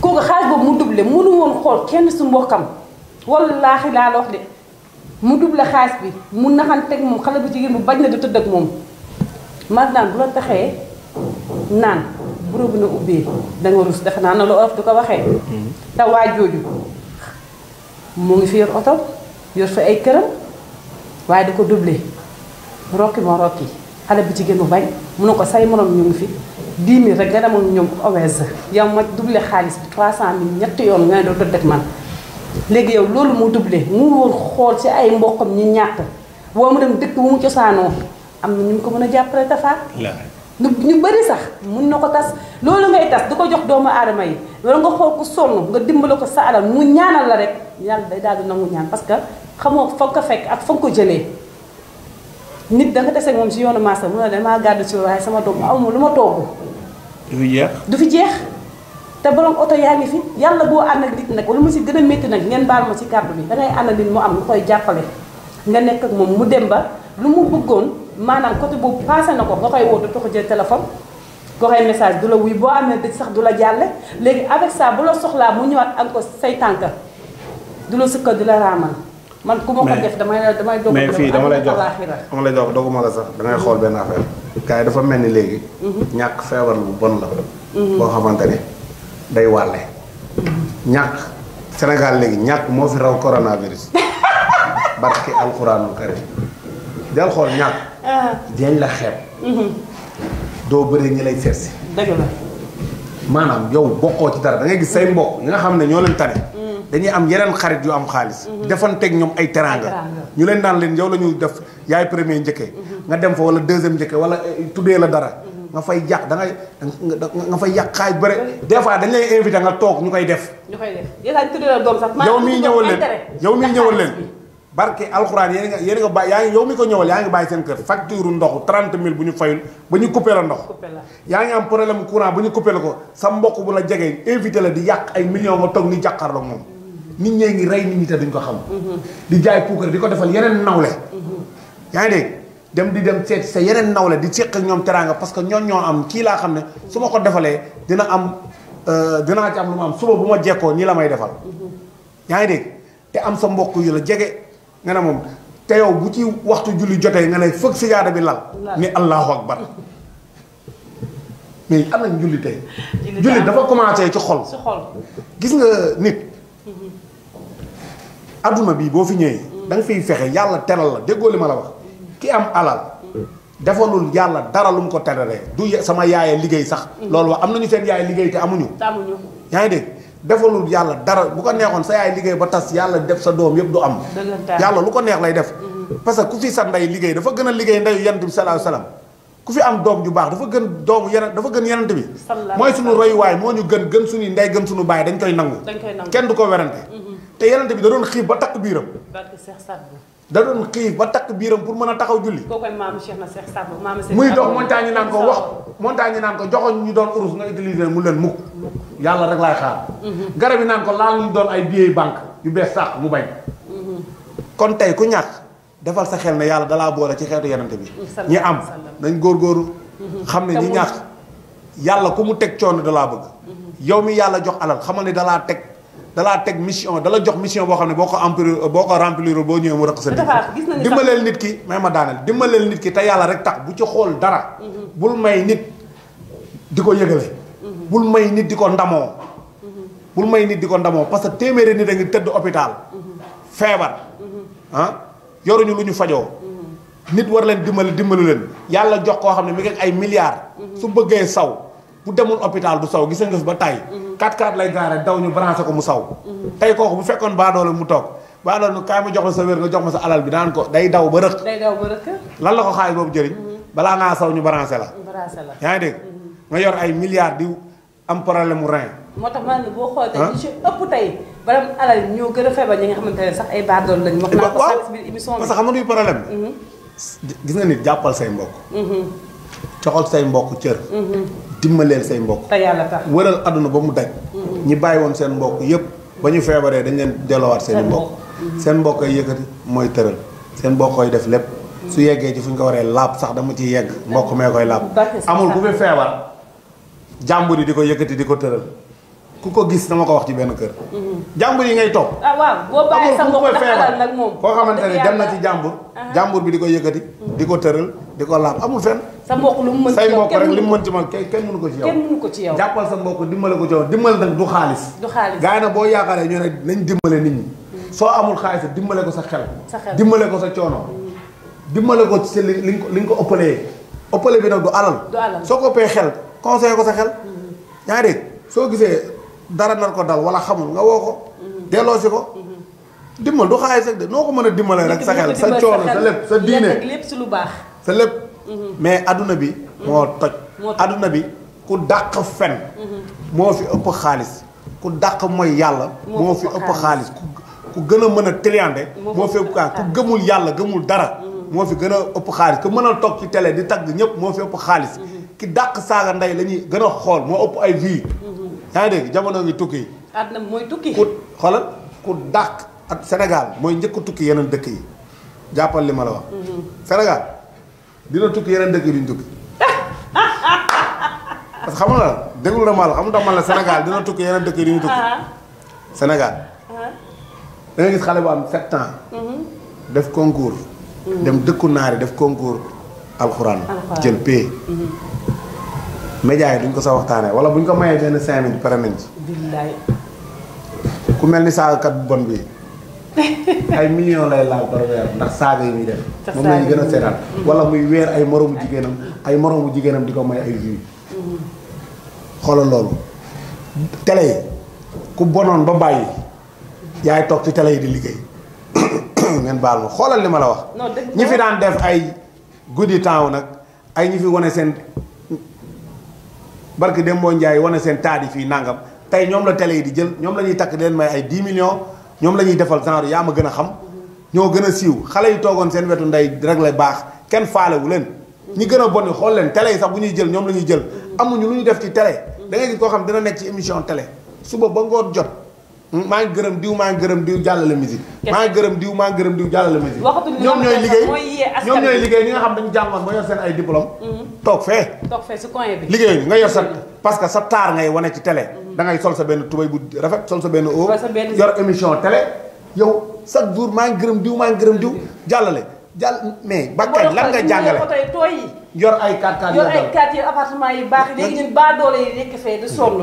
kooku xaalis boobu mu double mënu woon xool kenn su mbokkam wallaahi laa la wax de mu double xaalis bi mu naxanteeg moom xale bu jigéen bu bañ na di tëdd ak moom maanaam bu la taxee naan buróobu na ubbee da nga rus defe naa na lu olof du ko waxee te waa jooju mu ngi fi yor oto yor fa ay këram waaye da ko double rokki moo rokki xale bu jigéen bu bañ mun na ko say moroom ñu ngi fi 10 rek nga demoon ñoom OVS yow ma doublé xaalis bi 300000 ñetti yoon nga ne doo def man. léegi yow loolu mu doublé mu wóor xool ci ay mboqam ñi ñàkk boo mu dem dëkk bu mu cosaanoo am na ñu ko mën a jàppale tafaat. ñu ñu bëri sax mun na ko tas loolu ngay tas di ko jox doomu aadama yi wala nga xool ku sonn nga dimbale ko sa alal mu ñaanal la rek yàlla day daal di nangu ñaan parce que xamoo fa nga ko fekk ak fa ko jëlee. nit da nga moom si yoonu maasa mu ne damaa gàddu si waaye sama doom aw ma lu ma togg. du fi jeex jeex. te borom oto yaa ngi fi yàlla boo ànd ak nit nag wala mu si gën a métti nag ngeen baal ma si kàddu bi dangay ànd ak nit mu am lu koy jàppale. nga nekk ak moom mu dem ba lu mu bëggoon maanaam côté boobu passé na ko nga koy woote toxu jël téléphone. ko koy message du la wuy boo amee dëj sax du la jàlle léegi avec ça bu la soxlaa mu ñëwaat ko say tànk du la sëkkal du la raamal. man ku ma ko def damay damay doog mais fii dama lay jox lay jox doguma la sax da ngay xool benn affaire. gars dafa mel ni léegi. Mhm. ñàkk feebar bu bon la. Mhm. boo xamante ne day wàlle. Mhm. ñàkk Sénégal léegi ñàkk moo fi raw coronavirus barki alxuraanul karim jal xool ñàkk. jeeñ ah. la xeeb. doo bëree ñi lay seet si. dëgg la. maanaam yow bokkoo ci dara da gis say mbokk ñi nga xam ne ñoo leen tane. dañuy am yeneen xarit yu am xaalis. Mhm. defanteeg ñoom ay teraanga. ñu leen daan leen yow la ñuy def yaay premier njëkkee. Mhm. nga dem fa wala deuxième njëkkee wala eh, tuddee la dara. Mhm. nga fay yàq da ngay nga fay yàq xaaj bëre. des fois dañ lay invité nga toog ñu koy def. ñu koy def tuddee la doom sax. yow miy ñëwal leen yow miy ñëwal leen. barke alxuraan yéen nga bàyyi yow ko ñëwal yaa ngi bàyyi seen kër facture ndox 30 000 bu ñu fayul ba ñu coupé la ndox yaa ngi am problème courant bu ñu coupé la ko sa mbokk bu la jegee invité la di yàq ay millions nga toog ni jàkkaarloo moom nit ñee ngi rey nit ñi te duñ ko xam. di jaay puukar di ko defal yeneen nawle. yaa ngi dégg dem di dem seet sa yeneen nawle di seq ak ñoom teraanga parce que ñoon ñoo am kii laa xam ne su ma ko defalee dina am euh, dinaa ci am lu ma am suba bu ma jekkoo ñi la may defal. yaa ngi dégg te am sa mbokk yi la jege nga ne te yow bu ci waxtu julli jotee nga ne fëgg sijaada bi lal. ni allahu akbar mais am nañ julli dafa commencé ci xol. ci xol gis nga nit. Mhm. adduna bii boo fi ñëwee da fiy fexe yàlla teral la déggoo li ma la wax ki am alal defalul yàlla dara lu mu ko teralee du sama yaaya liggéey sax loolu wax am nañu seen yaaya liggéey te amuñu yaa ngi dégg defalul yàlla dara bu ko neexoon sa yaay liggéey ba tas yàlla def sa doom yëpp du am yàlla lu ko neex lay def mm-hmm. parce que ku fi sa ndey liggéey dafa gën a liggéey ndeyu yonent bi sallallahu alayhi wasallam ku fi am doom ju baax dafa gën doomu yeneen dafa gën yenent bi mooy suñu royuwaay moo ñu gën gën suñuy ndey gën suñu baay dañ koy nangu kenn du ko werante mm-hmm. te yonent bi da doon xiif ba takk biiram. da doon xiif ba takk biiram pour mën a taxaw julli. kooku ay maamu na Cheikh Sadbou maamu Cheikh muy dox montagne yi naan ko wax montagne yi naan ko joxoon ñu doon urus nga utiliser mu leen mukk yàlla rek laay xaar. Mhm. garab yi naan ko laal ñu doon ay billets banque yu bees sax mu bañ. Mhm. kon tey ku ñàkk defal sa xel ne yàlla dalaa boole ci xeetu yonent bi. ñi am nañ góor mhm. xam ne ñi ñàkk yàlla ku mu teg coono dalaa bëgg. yow mi yàlla jox alal xamal ne dalaa teg. dalaa teg mission dala jox mission boo xam ne boo ko emplir boo ko remplir boo ñëwee mu rëq sa nit dimbaleel nit ki may ma daaneel dimbaleel nit ki te yàlla rek tax bu ci xool dara mhm. bul may nit di ko yëgale mhm. bul may nit di ko ndamoo mhm. bul may nit di ko ndamoo parce que téeméeri nit a ngi tëdd hôpital feebar ah yoruñu lu ñu fajoo nit war leen dimbali dimbalu leen yàlla jox koo xam ne mi ngi ay milliards su bëggee saw bu demul hôpital du saw gis nga fi ba tay 4-4 mhm. lay gaare daw ñu branché ko mu saw. Mhm. tey kooku bu fekkoon baadoolo mu toog baadoolo nu kaay ma jox la sa wér nga jox ma alal bi daan ko day daw ba lan la ko xaalis boobu mhm. balaa ngaa saw ñu branché la. yaa ngi dégg. yor ay milliards di am problème mu rein. moo tax man a feebar ñi nga xamante sax ay baadoolo lañu. wax ko sax bi parce xam nga luy problème. gis nga nit jàppal say mbokk. coxal say mbokk cër. Mhm. dimbaleel say mbokk. te wëral àdduna ba mu daj. Mhm. ñi bàyyi woon seen mbokk yëpp ba ñu feebaree dañ leen delloowaat seen mbokk. Mhm. seen mbokk ay yëkkati mooy tëral seen mbokk koy def lépp. su yeggee ci fu ñu ko waree làpp sax dama ciy yegg mbokk mee koy laab. amul ku fi feebar jàmbur yi di ko yëkkati di ko tëral. ku ko gis dama ko wax ci benn kër. jàmbur yi ngay topp. ah waaw boo bàyyi sa mbokk ndax alal nag moom koo xamante ne dem na ci jàmbur. Ah. jàmbur bi di ko yëkkati. Mm. di ko tëral di ko laab amul fenn. sa mbokk lu mu mën ci li mu mën ci man kenn mënu ko ci yow. ko ci yow jàppal sa mbokk dimbale ko ci yow dimbal nag du xaalis. boo yaakaaree nañ dimbale nit ñi. Mm. soo amul xaalis dimbale ko sa xel. sa xel ko sa coono. Mm. dimbale ko ci li li nga ko ëppalee. ëppale bi nag du alal. soo ko ëppee xel conseillé ko sa xel. yaa soo gisee dara nar ko dal wala xamul nga woo ko. delloo si ko. dimbal du xaalis rek de noo ko mën a dimbalee rek sa xel sa coono sa lépp sa diine lépp si lu sa lépp. Mhm. mais àdduna bi. moo toj. adduna bi ku dàq fen. Mhm. moo fi ëpp xaalis ku dàq mooy yàlla. moo fi ëpp xaalis gën a mën a triandé. moo fi ëpp ku gëmul yàlla gëmul dara. Mhm. moo fi gën a ëpp xaalis ku mën a toog ci télé di tagg ñëpp moo fi ëpp xaalis. ki dàq saaga ndey la ñuy gën a xool moo ëpp ay vie. yaa ngi dégg jamono ngi tukki. àdduna mooy tukki. ku xoolal ku dàq ak Sénégal mooy njëkk tukki yeneen dëkk yi jàppal li ma la wax. Mm-hmm. Sénégal dina tukki yeneen dëkk yi duñ parce que xam nga la déglu na ma la xam nga man la Sénégal dina tukki yeneen dëkk yi duñu tukki. Uh-huh. Sénégal. Uh-huh. da gis xale bu am sept ans. Mm-hmm. def concours. Mm-hmm. dem dëkku naari def concours alxuraan. jël paie. média yi duñ ko sa waxtaanee wala buñ ko mayee benn cinq minutes pare nañ ci. billaay. ku mel ni saagakat bu bon bi ay millions lay laal par weer ndax saaga yi muy def. moom la gën a seetaan. wala muy weer ay moroomu jigéenam ay moroomu jigéenam di ko may ay vues. xoolal loolu. tele yi ku bonoon ba bàyyi yaay toog ci télé yi di liggéey ngeen baal ma xoolal li ma la wax. ñi fi daan def ay guddi temps nag ay ñi fi wane seen. barke dem boo Ndiaye wane seen taadi fii nangam tey ñoom la tele yi di jël ñoom lañuy ñuy takk di leen may ay 10 millions ñoom la ñuy defal genre yaa ma gën a xam ñoo gën a siiw xale yi toogoon seen wetu ndey rek la baax kenn faalewu leen ñi gën a bon yi xool leen télé yi sax bu ñuy jël ñoom la ñuy jël amuñu lu ñu def ci télé da gis koo xam dina nekk ci émission tele suba ba ngoon jot maa ngi gërëm diw maa ngi gërëm diw jàllale musique maa ngi gërëm diw maa ngi gërëm diw jàllale musique ñoom ñooy liggéey ñoom ñooy xam dañu jàngoon ba yor ay diplôme mhm. toog fee toog fee si coin bi liggéey yor sa mhm. parce que sa taar ngay wane ci télé mhm. da ngay sol benn tubay bu rafet sol sa benn o yor émission télé yow chaque jour maa ngi gërëm diw maa ngi gërëm diw jàllale jàll mais ba kañ lan nga jàngale yor ay kat kat yor ay kat yi appartement yi baax léegi ñun baa doole yi nekk fee di sonn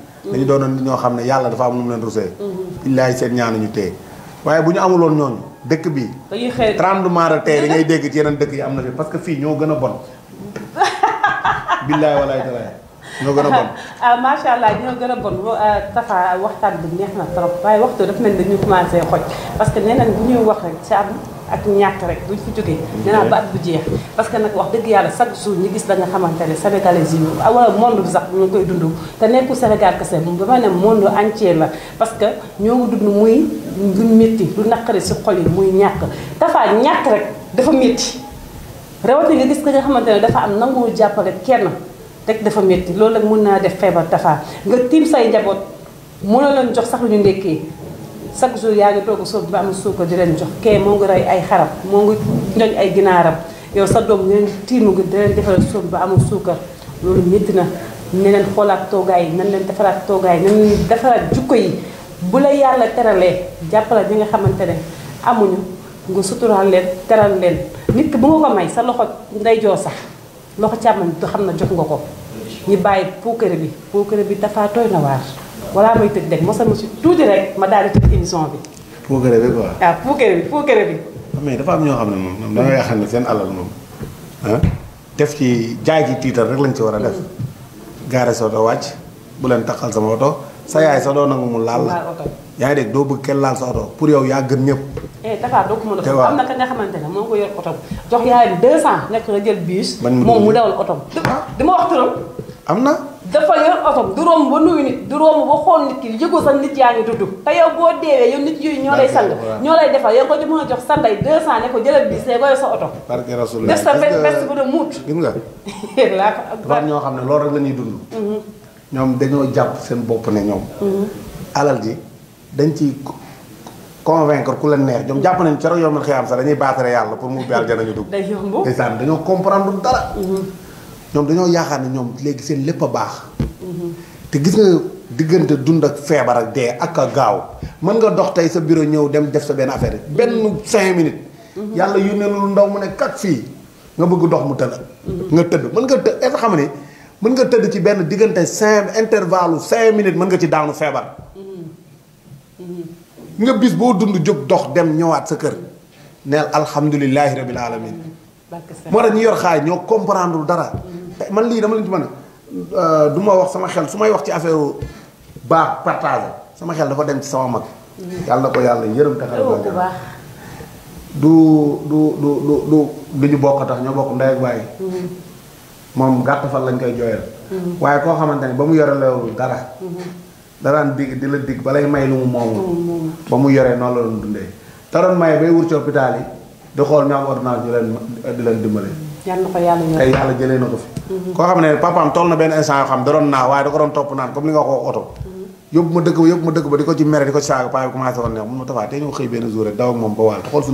dañu doonoon nit ñoo xam ne yàlla dafa am nu mu leen rusee billaay mhm. seen ñaanuñu tee waaye bu ñu amuloon ñooñu dëkk bi tremblement de tey yi ngay dégg ci yeneen dëkk yi am na fi parce que fii ñoo gën a bon billaay walaay talaay ñoo gën a bon ah macha allah ñoo gën a bon ah, Tafa waxtaan bi neex na trop waaye waxtu dafa mel dañuy commencé xoj parce que nee bu ñuy wax rek ci am ak ñàkk rek ñu fi jógee dinaa baat bu jeex parce que nag wax dëgg yàlla chaque jour ñu gis da nga xamante ne sénégalais yi ah, wala monde sax ñu ngi koy dund te nekku Sénégal kese dama ne monde entier la parce que ñoo ngi dund muy lu métti lu naqari si xol yi muy ñàkk dafaa ñàkk rek dafa metti rawati nga gis ka nga xamante ne dafa am nangoo jàppale kenn rek dafa métti loolu nag mun naa def feebar dafaa nga tiim say njaboot a leen jox sax lu ñu ndekkee chaque jour yaa ngi togg suuf ba am suukar di leen jox kee moo ngi rey ay xaram moo ngi njoñ ay ginaaram yow sa doom ngeen tiimu ngi di leen defal ba amul suukar loolu métti na ne leen xoolaat toogaay yi nan leen defaraat toogaay yi nan leen defaraat jukko yi bu la yàlla teralee jàppale ñi nga xamante ne amuñu nga suturaal leen teral leen nit ki bu nga ko may sa loxo ndeyjoor sax loxo càmmoñ du xam na jox nga ko ñu bàyyi puukare bi puukare bi dafa tooy na waar balaa may tëj rek mosal ma si tuuti rek ma daal di tëj bi. puukere bi quoi. waaw ah, bi puukere bi. mais dafa am ñoo xam ne moom dañoo xam ne seen alal moom ah def ci jaay ci tiital rek lañ ci war a def. gaare sa oto wàcc bu leen taxal sama oto sa yaay sa doo nangu mu laal la. yaa ngi doo bëgg kenn laal sa oto pour yow yaa gën ñëpp. eh Tafa doo am na ka nga ne moo ko yor oto jox yaayam 200 nekk nga jël bus. moom mu dawal oto ah. dama wax na. dafa yor oto du romb ba nuyu nit du romb ba xool nit ki yëgul sax nit yaa ngi dudd te yow boo deewee yow nit yooyu ñoo lay sang ñoo lay defal yow ko ci mën a jox sa oto def sa bes bes bu ne muut gis nga laak ñoo xam ne lool rek la ñuy dund mhm. ñoom dañoo jàpp seen bopp ne ñoom mhm. alal yi dañ ci convaincre ku leen neex ñoom jàpp nañ ca rek yow man xëy am sax dañuy baatare yàlla pour mu bi aljana ñu dugg ndeysaan dañoo comprendre dara mhm. ñoom dañoo yaakaar ne ñoom léegi seen lépp a baax. te gis nga diggante dund ak feebar ak dee ak a gaaw mën nga dox tey sa bureau ñëw dem def sa benn affaire benn cinq minutes. yàlla yónnee lu ndaw mu ne kat fii nga bëgg dox mu tëdd. nga tëdd mën nga të est xam ne mën nga tëdd ci benn diggante cinq intervalle cinq minutes mën nga ci daanu feebar. nga bis boo dund jóg dox dem ñëwaat sa kër. ne alhamdulilahi rabil alamin moo tax ñu yor xaay ñoo comprendre dara. man li dama leen ci man euh duma wax sama xel sumay wax ci affaire ba partage sama xel dafa dem ci sama mag yalla ko yalla yeureum taxal ko oh, baax du du du du du ñu bok tax ñoo bok nday ak bàyyi mom mm-hmm. gatt fan lañ koy joyal mm-hmm. waye ko xamante ne ba mu yore loolu dara mm-hmm. daraan dig di la dig balay may lu mu mom ba mu yoree noonu la dundé taron may bay wurtu hôpital yi di xol ñam ordonnance di len di len dimbalé yalla ko yalla ñu te yàlla jëlee na ko fi koo xam ne papaam toll na benn instant yoo xam da doon naaw waaye da ko doon topp naan comme li nga wax oto yóbbu ma dëkk ba yóbbu ma dëkk ba di ko ci mere di ko ci saaga paa bi commencé woon neex mun ma tafaa tey ñëw xëy moom di wax moom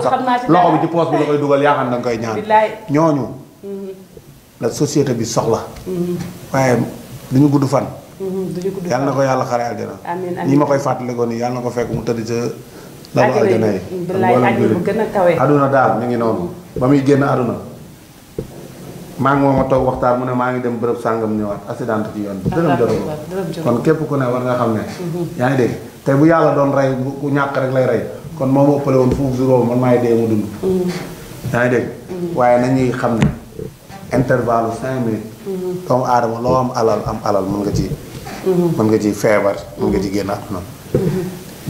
sax loxo bi ci poos bi la koy la société bi soxla. waye du guddu fan. yalla nako yalla fan yàlla na ko yàlla xare aljana. amiin amiin ñi ma koy fàttalikoo nii yàlla na ko fekk mu tëdd ca. aljana yi ak bu gën a aduna dal mi ngi non ba muy genn aduna ma ngi moom tok toog waxtaan mu ne ma ngi dem bërëb sàngam ñëwaat accident ci yoon bi. dërëm kon képp ku ne war nga xam ne. Mhm. yaa ngi dégg te bu yalla doon ray ku ñak rek lay ray kon moo ma ëppale woon foofu juróom man may dee mu dund. Mhm. yaa ngi dégg mhm. waaye nañuy xam intervalle cinq minutes. Mhm. doomu aadama loo am alal am alal mën nga ci mhm. mën nga ci feebar mën nga ci génn àdduna mhm.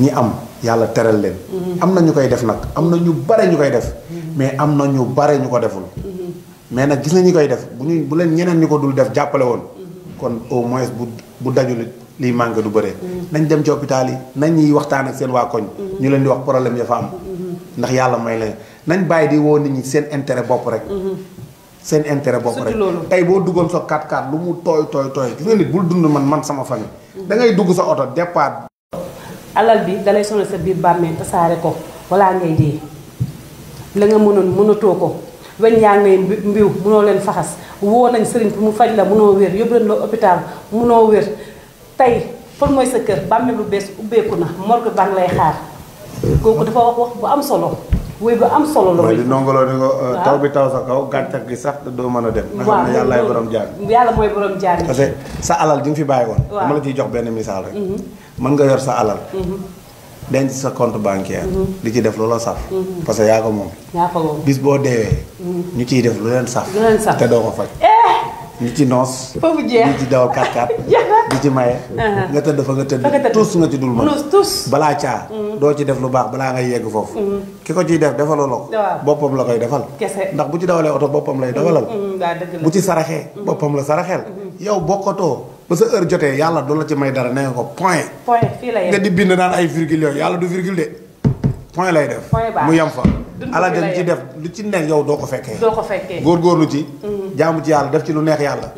ñi am yàlla teral leen am na ñu koy def nag am na ñu bare ñu koy def mais am na ñu bare ñu ko deful mais nag gis na ñi koy def bu ñu bu leen ñeneen ñi ko dul def jàppale woon kon au moins bu bu dajul liy manqué du bëree nañ dem ci hôpital yi nañ ñuy waxtaan ak seen waa koñ ñu leen di wax problème ya fa am ndax yàlla may la nañ bàyyi di woo nit ñi seen intérêt bopp rek seen intérêt bopp rek tey boo duggoon sa 4x4 lu mu tooy tooy tooy gis nga nit bul dund man man sama fan da ngay dugg sa oto départ. alal bi dalay sonal sa biir bàmmeel tasaare ko walla ngay dee la nga mënoon mënatoo ko weñ yaa ngay mbiw mënoo leen faxas woo nañ sëriñ bi mu faj la mënoo wér yóbbu leen la hôpital noo wér tey fan mooy sa kër bàmmeel bu bees ubbeeku na morgue baa lay xaar kooku dafa wax wax bu am solo. woy bu am solo eh, nah, ya, la woy di nongolo ni ko taw bi taw sa kaw gàncax gi sax doo mën dem nga xam ne yàllaay borom jaar yàlla mooy borom jaar parce que sa alal di nga fi bàyyi woon dama la ciy jox benn misaal rek mën mhm. nga yor sa alal mhm. denc sa compte bancaire ya. mhm. di ci def saf parce que ko ko bis ñu def lu saf te ko eh! ñu ci jeex ñu ci kat kat ya. di ci maye. Uh-huh. nga tëdd fa nga tëdd tuus nga ci dul ma balaa caa mm. doo ci def lu baax balaa ngay yegg foofu mm. ki ko ciy def defaloo la ko boppam la koy defal ndax bu ci dawalee oto boppam lay dawalal mm, bu ci saraxee mm-hmm. boppam la saraxeel mm-hmm. yow bokkatoo ba sa heure jotee yàlla du la ci may dara nee ko point point fii nga di bind naan ay virgule yàlla du virgule de point lay def mu yem fa alal dem ci def lu ci nekk yow doo ko fekkee góor góor lu ci mm-hmm. jaamu ci yàlla def ci lu neex yàlla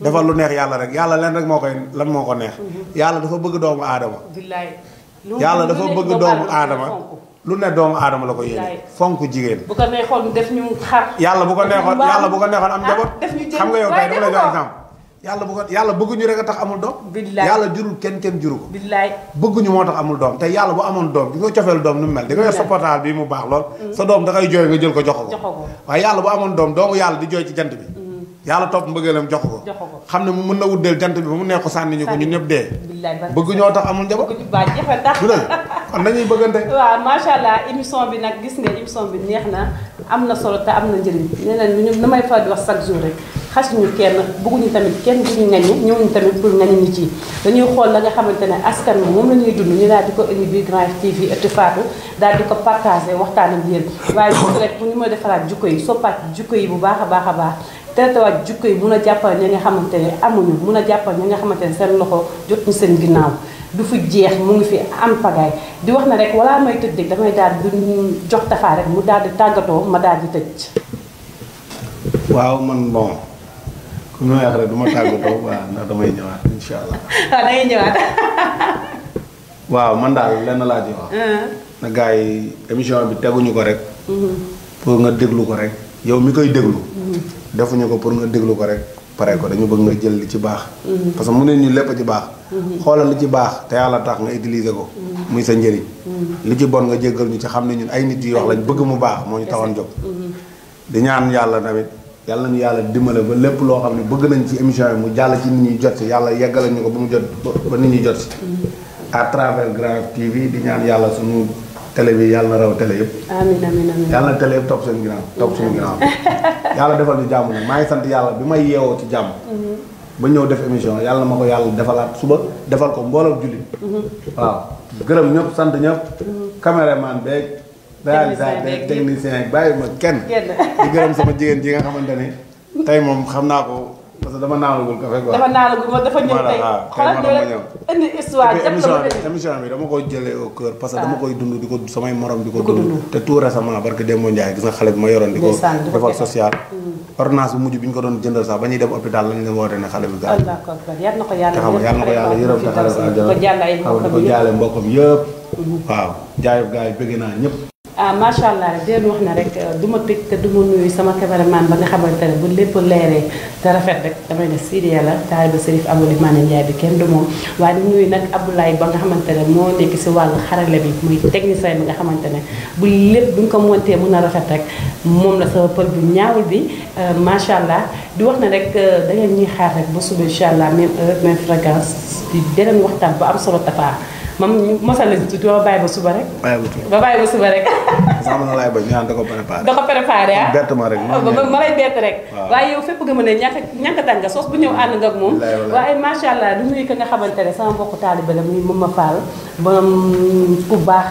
defal lu neex yàlla rek yàlla leen rek moo koy lan moo ko neex. Mhm. yàlla dafa bëgg doomu aadama. billaay yàlla dafa bëgg doomu aadama. lu ne doomu aadama la ko yéene fonk jigéen. bu ko neexoon def ñu yàlla bu ko neexoon yàlla am ah, njaboot. xam nga yow kay dama lay yàlla bu ko yàlla bëgguñu rek a tax amul doom. billaay yàlla jurul kenn kenn juru ko. billaay bëgguñu moo tax amul doom te yàlla bu amoon doom di nga cofeel doom nu mu mel. di nga yor sa bi mu baax lool. Mm. sa doom da jooy nga jël ko jox ko. waaye yàlla bu amoon doom doomu yàlla di jooy ci jant bi. yàlla topp mbëggeelam jox ko xam ne mu mën na wuddeel jant bi ba mu neex ko sànni ñu ko ñun ñëpp dee bëgg ñoo tax amul njaboot du dëgg kon nañuy bëggante waaw macha allah émission bi nag gis nga émission bi neex na am na solo te am na njëriñ leneen lu ñu damay faral di wax chaque jour rek xasuñu kenn bëgguñu tamit kenn duñu ngañu ñëwuñu tamit pour ngañu ñi ci dañuy xool la nga xamante ne askan wi moom la ñuy dund ñu daal di ko indi biir Grand TV ëttu Faatu daal di ko partagé waxtaan ak yéen waaye jukki rek pour ñu ma defaraat jukko yi soppaat yi bu baax a baax a baax teretewaat jukko yi mun a jàppal ña nga xamante ne amuñu mun a jàppal ña nga xamante ne seen loxo jot ñu seen ginnaaw du fi jeex mu ngi fi am pagaay di wax na rek walaa may tëj dëgg damay daal di jox tafaa rek mu daal di tàggatoo ma daal di tëj waaw man ma wax rek du ma tàggatoo waaw ndax damay ñëwaat incha allah. waaw ah, da ngay ñëwaat. waaw man daal lenn laa ci wax. Ah. na gars yi émission bi teguñu ko rek. Mm-hmm. pour nga déglu ko rek. yow mi koy déglu. Mm-hmm. defuñu ko pour nga déglu ko rek pare ko dañu bëgg nga jël li ci baax. Mm-hmm. parce que mu ne ñu lépp ci baax. xoolal li ci baax te yàlla tax nga utiliser ko. muy sa njëriñ. li ci bon nga jéggal ñu ci xam ne ñun ay nit yi wax lañ bëgg mu baax moo ñu taxoon jóg. di ñaan yàlla tamit. yàlla nañu yàlla dimbale ba lépp loo xam ne bëgg nañ ci émission yi mu jàll ci nit ñi jot si yàlla yeggala ñu ko ba mu jot ba nit ñi jot si à travers Grand TV di ñaan yàlla suñu télé bi yàlla na raw télé yëpp amiin amiin amiin yàlla na télé yëpp topp seen ginnaaw topp suñu ginnaaw yàlla defal ñu jàmm nag maa ngi sant yàlla bi may yeewoo ci jàmm mm-hmm. ba ñëw def émission yàlla na ma ko yàlla defalaat suba defal ko mboolal jullit mm-hmm. waaw gërëm ñëpp sant ñëpp mm-hmm. caméraman beeg réalisateur technicien bàyyi ma kenn di gërëm sama jigéen ji nga xamante ne tey moom xam naa ko parce que dama naalagul café quoi dama naalagul ma dafa ñëw tey ah, bi émission bi dama koy jëlee au cœur parce que dama ah. koy dund di ko samay morom di ko dund te tout récemment barke Demba Ndiaye gis nga xale bi ma yoroon di ko defal social mm. ordonnance bu mujj bi ñu ko doon jëndal sax ba ñuy dem hôpital lañ leen woote ne xale bi gaaw yal na ko yàlla yërëm te xale bi àjjana ko jàlle mbokkam yëpp mm-hmm. waaw jaayub gars yi bëgg naa ñëpp ما شاء الله دين وحنا رك دوما تك دوما نوي سما كبر ما نبغى خبر ترى بلي بلي ره ترى فرد تما نسيري يلا ترى بس ريف أبو لمان يا بكم دوما وان نوي نك أبو لاي بنا خمن ترى مو ديك سوا الخير مي تكني ساي بنا خمن ترى بلي بنا كم وانتي مو نرى فرد مو نلا سوا بول بنيا ودي ما شاء الله دوا حنا رك دين ني خير بس بنشاء الله من من فرقاس دين وحنا بأمس ولا تفاح mam mosal lañ tudd doo bàyyi ba suba rek ba bàyyi ba suba rek sama na lay ba ñu da ko préparé da ko préparé ah bett ma rek ma lay bett rek waaye yow fépp nga mën a ñàkk ñàkk tànga sos bu ñëw ànd nga ak moom waaye macha allah du nuyu ka nga xamante sama mbokku taaliba la muy mama faal borom ku baax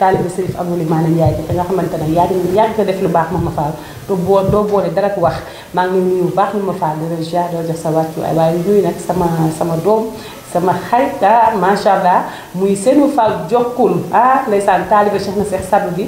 taaliba sérif amuli maanaam yaay bi nga xamante ne yaa ngi yaa ngi def lu baax mama faal te boo doo boole dara ko wax maa ngi nuyu baax mama faal di la ziar doo jox sa wàccu waaye nuyu nag sama sama dom. sama xarit ah macha allah muy seenu Fall jokkul ah ndeysaan taaliba Cheikh na Cheikh Sadou bi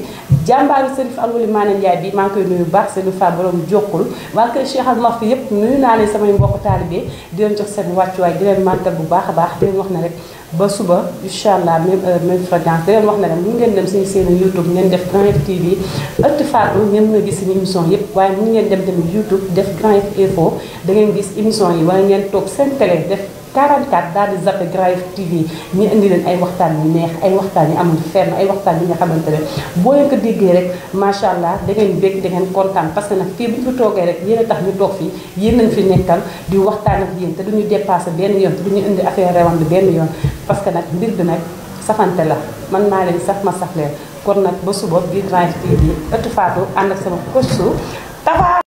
jàmbaaru Serif Alwali Maane Njaay bi maa ngi koy nuyu baax seenu Fall borom jokkul waa kër Cheikh Al Mahdi yépp nuyu naa leen samay mbokk taalibe di leen jox seen wàccuwaay di leen màggal bu baax a baax di leen wax na rek ba suba incha allah même heure même fréquence di leen wax na rek mu ngeen dem suñu seen youtube ngeen def Grand Yoff TV ëtt Fatou ngeen mën a gis seen émission yépp waaye mu ngeen dem tamit youtube def Grand Yoff Info da ngeen gis émission yi wala ngeen toog seen télé def 44 daal di zappé Grand Yoff TV ñu indi leen ay waxtaan yu neex ay waxtaan yu amul fenn ay waxtaan yi nga xamante ne boo leen ko déggee rek macha allah da ngeen bég da kontaan parce que nag fii bu ñu fi toogee rek yéen tax ñu toog fii yéen nañ fi nekkal di waxtaan ak yéen te du ñu dépassé benn yoon te du ñu indi affaire rewand benn yoon parce que nag mbir bi nag safante la man maa leen saf ma saf leen kon nag ba suba bi Grand Yoff TV ëttu faatu ànd ak